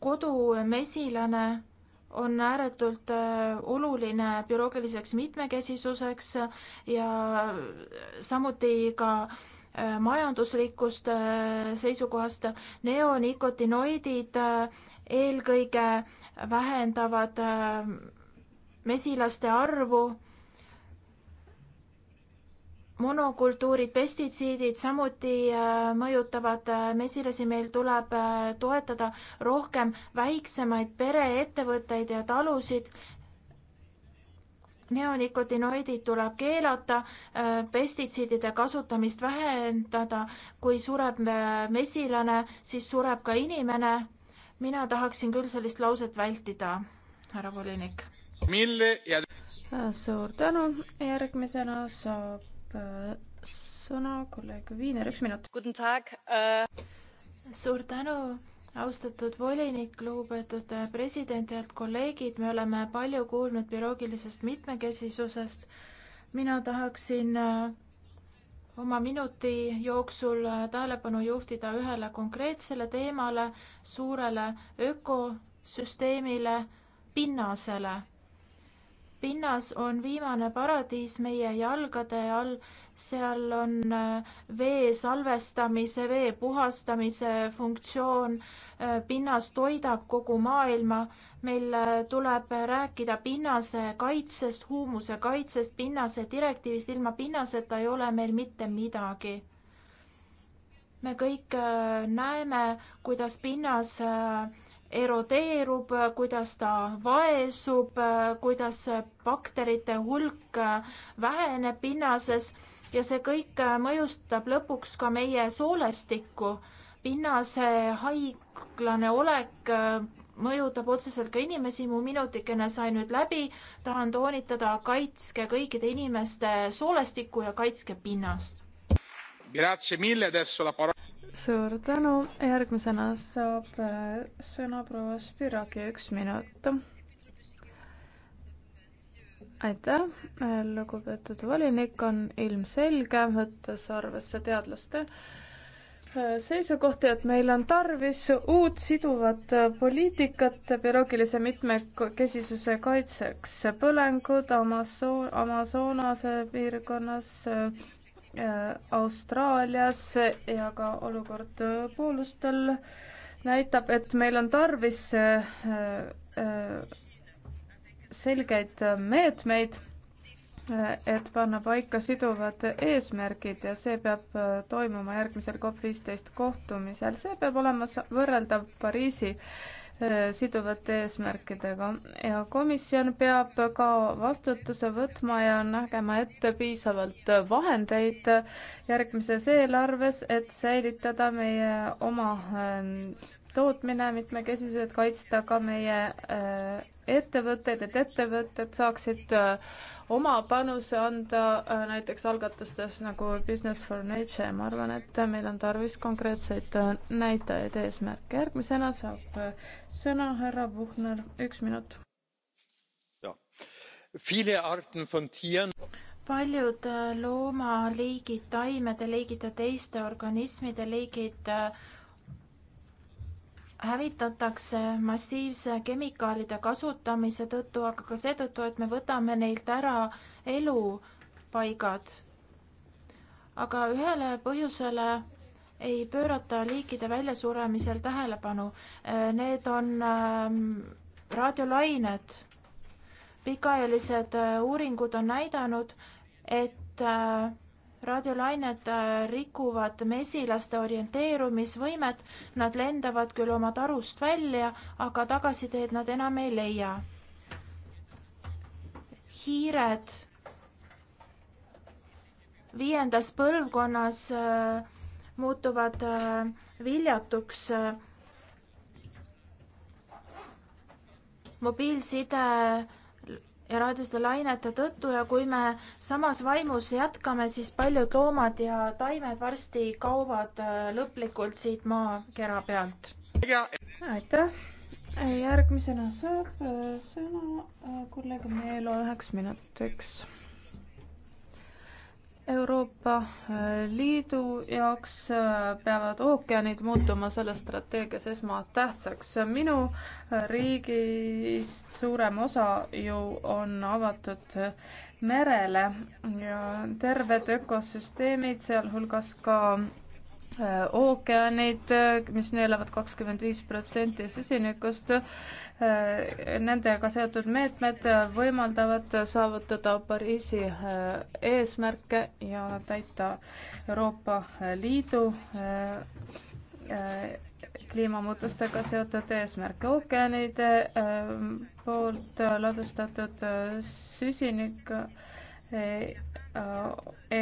kodumesilane on ääretult äh, oluline bioloogiliseks mitmekesisuseks ja samuti ka äh, majanduslikust äh, seisukohast. neonikotinoidid eelkõige vähendavad mesilaste arvu monokultuurid, pestitsiidid samuti äh, mõjutavad äh, mesilasi, meil tuleb äh, toetada rohkem väiksemaid pereettevõtteid ja talusid. neonikotinoidid tuleb keelata, pestitsiidide kasutamist vähendada, kui sureb mesilane, siis sureb ka inimene. mina tahaksin küll sellist lauset vältida, härra volinik. suur tänu, järgmisena saab Äh, sõna kolleeg Viiner, üks minut. Äh, suur tänu, austatud volinik, lugupeetud äh, president, head kolleegid, me oleme palju kuulnud bioloogilisest mitmekesisusest. mina tahaksin oma minuti jooksul tähelepanu juhtida ühele konkreetsele teemale, suurele ökosüsteemile, pinnasele pinnas on viimane paradiis meie jalgade all, seal on äh, vee salvestamise, vee puhastamise funktsioon, äh, pinnas toidab kogu maailma, meil äh, tuleb rääkida pinnase kaitsest, huumuse kaitsest, pinnase direktiivist, ilma pinnaseta ei ole meil mitte midagi. me kõik näeme, kuidas pinnas erodeerub, kuidas ta vaesub, kuidas bakterite hulk väheneb pinnases ja see kõik mõjustab lõpuks ka meie soolestikku. pinnase haiglane olek mõjutab otseselt ka inimesi, mu minutikene sai nüüd läbi, tahan toonitada, kaitske kõikide inimeste soolestikku ja kaitske pinnast suur tänu, järgmisena saab äh, sõna proua Spiragi, üks minut. aitäh, äh, lugupeetud volinik, on ilmselge, võttes arvesse teadlaste äh, seisukohti, et meil on tarvis uut siduvat poliitikat bioloogilise mitmekesisuse kaitseks. põlengud Amazoon, Amazonase piirkonnas Äh, Austraalias ja ka olukord äh, poolustel näitab, et meil on tarvis äh, selgeid meetmeid, et panna paika siduvad eesmärgid ja see peab toimuma järgmisel COP15 kohtumisel. see peab olema võrreldav Pariisi Äh, siduvate eesmärkidega ja komisjon peab ka vastutuse võtma ja nägema ette piisavalt vahendeid järgmises eelarves, et säilitada meie oma äh, tootmine mitmekesiselt, kaitsta ka meie äh, ettevõtteid, et ettevõtted saaksid oma panuse anda äh, näiteks algatustes nagu Business for Nature, ma arvan, et meil on tarvis konkreetseid äh, näitajaid, eesmärke. järgmisena saab äh, sõna härra Puhner, üks minut. paljud loomaliigid, taimede liigid ja teiste organismide liigid äh, hävitatakse massiivse kemikaalide kasutamise tõttu, aga ka seetõttu, et me võtame neilt ära elupaigad. aga ühele põhjusele ei pöörata liikide väljasuremisel tähelepanu. Äh, need on ähm, raadiolained. pikaajalised äh, uuringud on näidanud, et äh, raadiolained äh, rikuvad mesilaste orienteerumisvõimet, nad lendavad küll oma tarust välja, aga tagasiteed nad enam ei leia. hiired viiendas põlvkonnas äh, muutuvad äh, viljatuks äh,. mobiilside ja raadioste lainete tõttu ja kui me samas vaimus jätkame, siis paljud loomad ja taimed varsti kaovad äh, lõplikult siit maakera pealt. aitäh. järgmisena saab äh, sõna äh, kolleeg Meelo üheks minutiks Euroopa äh, Liidu jaoks äh, peavad ookeanid muutuma selles strateegias esmatähtsaks. minu äh, riigist suurem osa ju on avatud merele ja terved ökosüsteemid, sealhulgas ka Äh, ookeanid, äh, mis neelavad kakskümmend viis protsenti süsinikust, äh, nendega seotud meetmed võimaldavad saavutada Pariisi eesmärke ja täita Euroopa Liidu kliimamuutustega seotud eesmärke. ookeanide poolt ladustatud süsinik see äh, e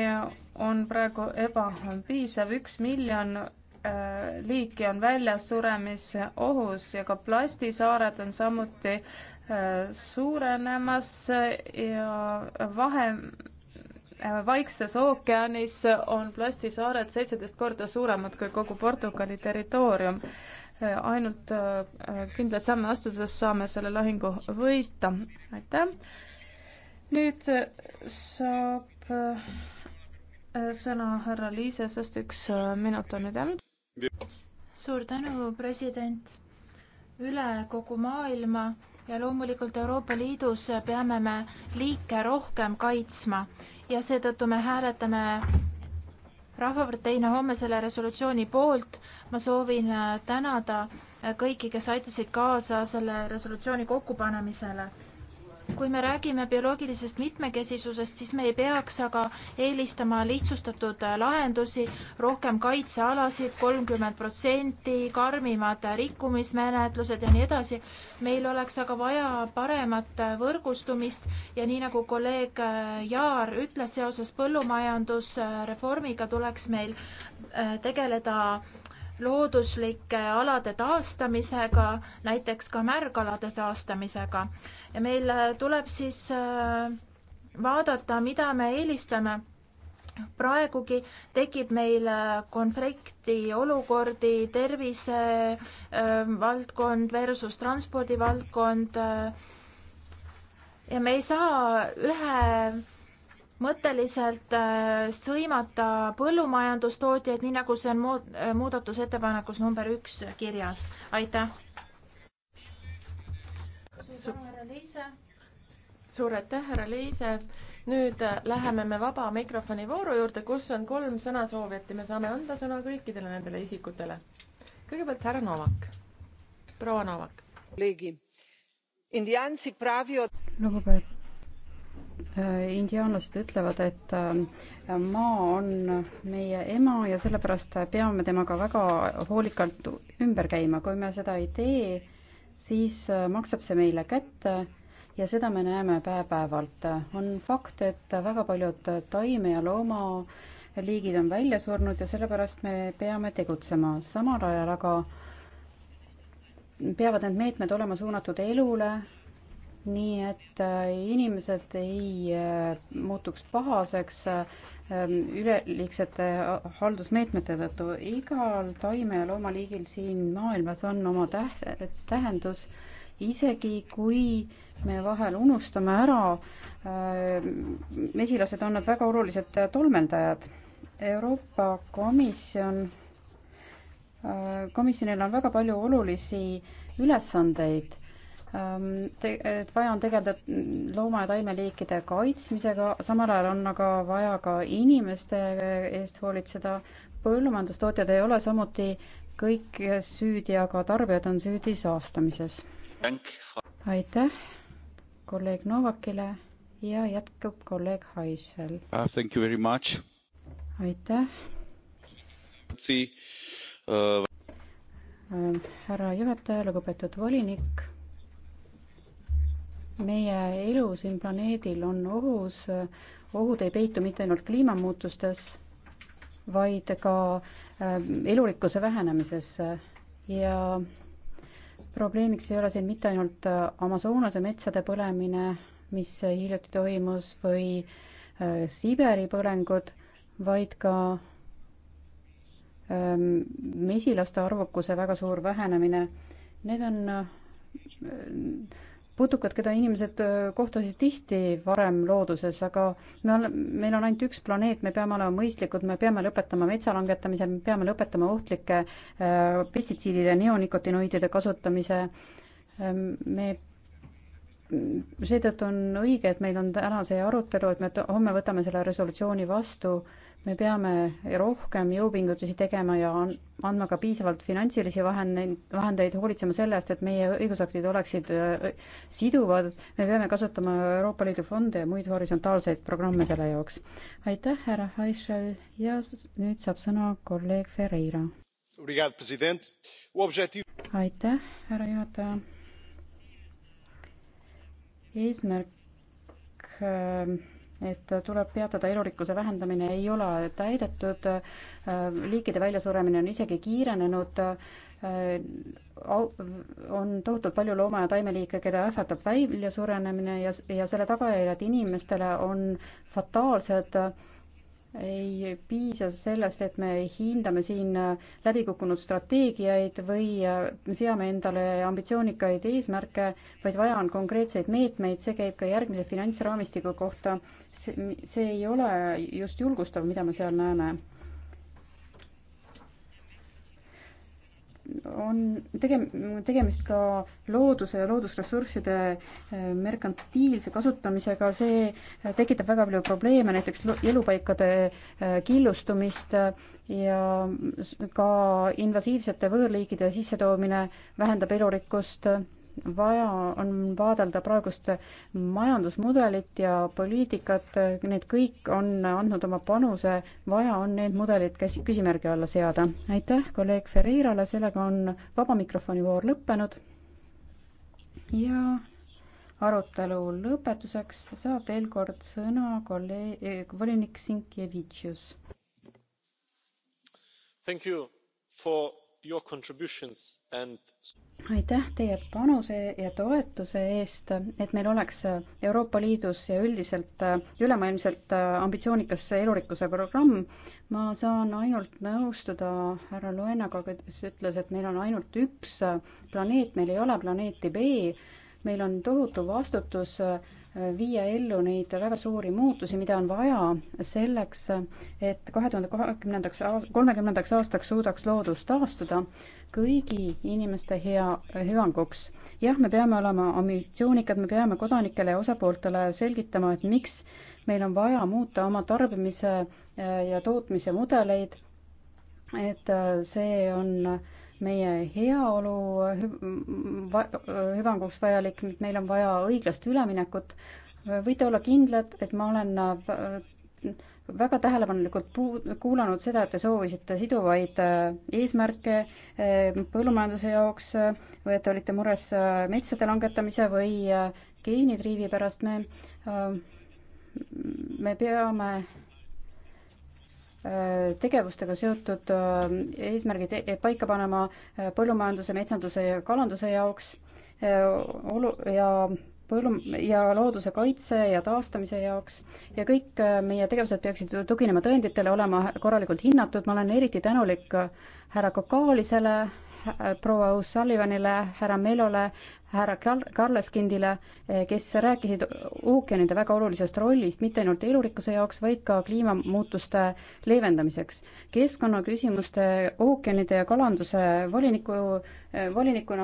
on praegu ebapiisav, üks miljon äh, liiki on väljasuremise ohus ja ka plastisaared on samuti äh, suurenemas ja vahe Vaikses ookeanis on plastisaared seitseteist korda suuremad kui kogu Portugali territoorium. ainult kindlaid samme astudes saame selle lahingu võita. aitäh! nüüd äh, saab äh, äh, sõna härra Liise, sest üks minut on nüüd jäänud. suur tänu, president. üle kogu maailma ja loomulikult Euroopa Liidus peame me liike rohkem kaitsma ja seetõttu me hääletame Rahvaparteina homme selle resolutsiooni poolt. ma soovin tänada kõiki, kes aitasid kaasa selle resolutsiooni kokkupanemisele kui me räägime bioloogilisest mitmekesisusest, siis me ei peaks aga eelistama lihtsustatud äh, lahendusi, rohkem kaitsealasid, kolmkümmend protsenti, karmimad äh, rikkumismenetlused ja nii edasi. meil oleks aga vaja paremat äh, võrgustumist ja nii nagu kolleeg Jaar ütles, seoses põllumajandusreformiga tuleks meil tegeleda looduslike alade taastamisega, näiteks ka märgalade taastamisega ja meil äh, tuleb siis äh, vaadata, mida me eelistame. praegugi tekib meil äh, konflikti olukordi, tervise valdkond versus transpordivaldkond. ja me ei saa ühe mõtteliselt sõimata põllumajandustootjaid, nii nagu see on muud, muudatusettepanekus number üks kirjas. aitäh! suur aitäh, härra Liise. nüüd äh, läheme me vaba mikrofoni vooru juurde, kus on kolm sõnasoovijat ja me saame anda sõna kõikidele nendele isikutele. kõigepealt härra Novak, proua Novak. lugupeetud äh, indiaanlased ütlevad, et äh, maa on meie ema ja sellepärast peame temaga väga hoolikalt ümber käima, kui me seda ei tee siis äh, maksab see meile kätte ja seda me näeme päev-päevalt. on fakt, et väga paljud taime- ja loomaliigid on välja surnud ja sellepärast me peame tegutsema. samal ajal aga peavad need meetmed olema suunatud elule, nii et äh, inimesed ei äh, muutuks pahaseks äh, üleliigsete haldusmeetmete tõttu. igal taime ja loomaliigil siin maailmas on oma täht-, tähendus, isegi kui me vahel unustame ära, mesilased on nad väga olulised tolmeldajad. Euroopa Komisjon, komisjonil on väga palju olulisi ülesandeid Ehm, te, et vaja on tegeleda looma- ja taimeliikide kaitsmisega, samal ajal on aga vaja ka inimeste eest hoolitseda. põllumajandustootjad ei ole samuti kõik süüdi, aga tarbijad on süüdi saastamises. aitäh kolleeg Novakile ja jätkab kolleeg Haisel uh,. Thank you very much. aitäh uh.... Ehm, härra juhataja, lugupeetud volinik meie elu siin planeedil on ohus, ohud ei peitu mitte ainult kliimamuutustes, vaid ka äh, elurikkuse vähenemises ja probleemiks ei ole siin mitte ainult äh, Amazonase metsade põlemine, mis hiljuti toimus, või äh, Siberi põlengud, vaid ka ähm, mesilaste arvukuse väga suur vähenemine. Need on putukad, keda inimesed kohtasid tihti varem looduses, aga me oleme, meil on ainult üks planeet, me peame olema mõistlikud, me peame lõpetama metsa langetamise, me peame lõpetama ohtlike äh, pestitsiidide, neonikotinoidide kasutamise ähm,. me seetõttu on õige, et meil on täna see arutelu, et me homme võtame selle resolutsiooni vastu, me peame rohkem jõupingutusi tegema ja andma ka piisavalt finantsilisi vahendeid, vahendeid hoolitsema selle eest, et meie õigusaktid oleksid siduvad, me peame kasutama Euroopa Liidu fonde ja muid horisontaalseid programme selle jaoks. aitäh, härra Heischel ja nüüd saab sõna kolleeg Ferreira. aitäh, härra juhataja eesmärk, äh, et tuleb peatada elurikkuse vähendamine, ei ole täidetud, äh, liikide väljasuremine on isegi kiirenenud, äh, on tohutult palju looma- ja taimeliike, keda ähvardab väljasurenemine ja, ja selle tagajärjed inimestele on fataalsed ei piisa sellest, et me hindame siin läbikukkunud strateegiaid või äh, seame endale ambitsioonikaid eesmärke, vaid vaja on konkreetseid meetmeid, see käib ka järgmise finantsraamistiku kohta. see ei ole just julgustav, mida me seal näeme on tegem-, tegemist ka looduse ja loodusressursside äh, merkantiilse kasutamisega, see äh, tekitab väga palju probleeme, näiteks elupaikade äh, killustumist ja ka invasiivsete võõrliikide sissetoomine vähendab elurikkust vaja on vaadelda praegust majandusmudelit ja poliitikat, need kõik on andnud oma panuse, vaja on need mudelid käsi, küsimärgi alla seada. aitäh kolleeg Ferreirale, sellega on vaba mikrofoni voor lõppenud ja arutelu lõpetuseks saab veel kord sõna kolleeg, eh, volinik Sinkevitšius. Thank you for aitäh teie panuse ja toetuse eest, et meil oleks Euroopa Liidus ja üldiselt äh, ülemaailmselt äh, ambitsioonikas elurikkuse programm. ma saan ainult nõustuda härra Loenaga, kes ütles, et meil on ainult üks äh, planeet, meil ei ole planeeti B. meil on tohutu vastutus äh, viia ellu neid väga suuri muutusi, mida on vaja selleks, et kahe tuhande kahekümnendaks, kolmekümnendaks aastaks suudaks loodus taastuda kõigi inimeste hea, hüvanguks. jah, me peame olema ambitsioonikad, me peame kodanikele ja osapooltele selgitama, et miks meil on vaja muuta oma tarbimise äh, ja tootmise mudeleid, et äh, see on äh, meie heaolu hüvanguks vajalik, meil on vaja õiglast üleminekut. võite olla kindlad, et ma olen äh, väga tähelepanelikult puu-, kuulanud seda, et te soovisite siduvaid äh, eesmärke äh, põllumajanduse jaoks või et te olite mures metsade langetamise või geenitriivi pärast, me, me peame tegevustega seotud äh, eesmärgid e, paika panema äh, põllumajanduse, metsanduse ja kalanduse jaoks äh, olu- ja põllum- ja looduse kaitse ja taastamise jaoks ja kõik meie tegevused peaksid tuginema tõenditele, olema korralikult hinnatud, ma olen eriti tänulik härra Kokalisele, proua O'Sullivanile, härra Melole, härra Karl-, Karleskindile, kes rääkisid ookeanide väga olulisest rollist mitte ainult elurikkuse jaoks, vaid ka kliimamuutuste leevendamiseks. keskkonnaküsimuste ookeanide ja kalanduse voliniku, volinikuna